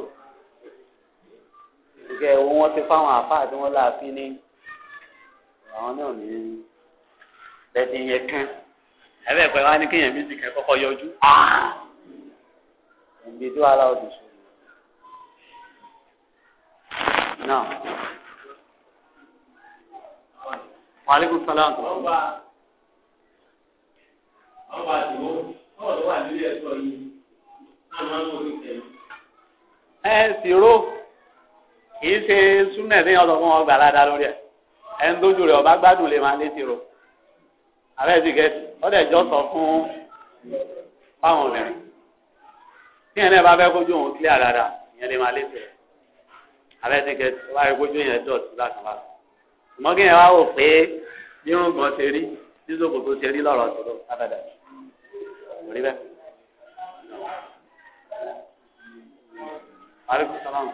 ìgbẹ́ owó wọn ti fáwọn àfáà tí wọ́n láàfin ní àwọn náà ní bẹ́ẹ̀ni yẹn kán àbẹ́ ẹ̀kọ́ wa ní kéèyàn méjì kẹ́ kọ́kọ́ yọjú ìgbé tí wàá láwọ̀ tó ṣe náà. wàhálẹ́kùn sálám. ọba ọba àdìgbò ọ̀rọ̀ tó wà nílé ẹ̀sọ́ yìí náà máa ń wọ ní tẹ̀lé. ẹ sì ró kì í ṣe súnẹ̀ ní ọ̀dọ̀ fún ọgbà aládàá lórí ẹ̀ ẹ̀ ń dójú rẹ̀ ọba gbádùn lè máa lé ti rò àbẹ́ ti gẹ̀ẹ́sì ọ̀dẹ̀ jọ sọ fún fáwọn obìnrin tí ẹ̀ náà bá fẹ́ kójú òun kílíà dáadáa ìyẹn lè máa lé ti rẹ̀ àbẹ́ ti gẹ̀ẹ́sì ọba ìkójú yẹn dọ̀tí bákan bákan mọ́gìyàn wa wò pé bí wọ́n gbọ́n ṣe rí bí sòkòtò ṣe rí lọ́rọ̀ tó abẹ́dà rí bẹ́ẹ̀. aleykum salaam.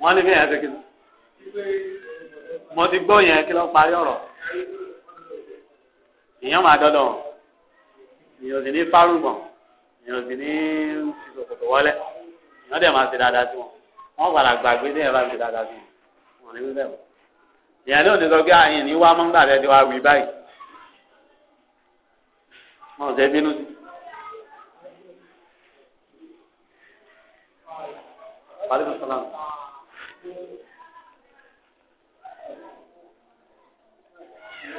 wọ́n ní bí yẹn ti kí ni mo ti gbọ́ yẹn kí ló parí ọ̀rọ̀ èèyàn máa dọ́dọ̀ èèyàn ò sì ní fárùgbọ̀n èèyàn ò sì ní ìsòkòtò wọlé èèyàn dẹ̀ máa ṣe dáadáa sí wọn wọn padà gbàgbé tí èèyàn bá ṣe dáadáa sí wọn wọn ní wíwẹ̀ wọn. èèyàn náà ti sọ pé àyìn ah, ní wá mọ́ńgbà rẹ̀ ti wá wí báyìí wọn ò sẹ́ bínú sí. Wàlúùsọ̀lá.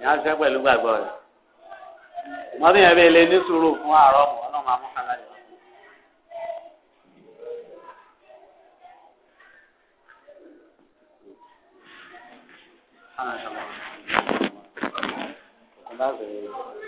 ìyá ń sẹ́ pẹ̀lú gbàgbọ́ rẹ̀ mọ́tò yẹn bẹ́ẹ̀ lé ní sùúrù fún àárọ̀ mọ́ ọlọ́run yìí. Thank you.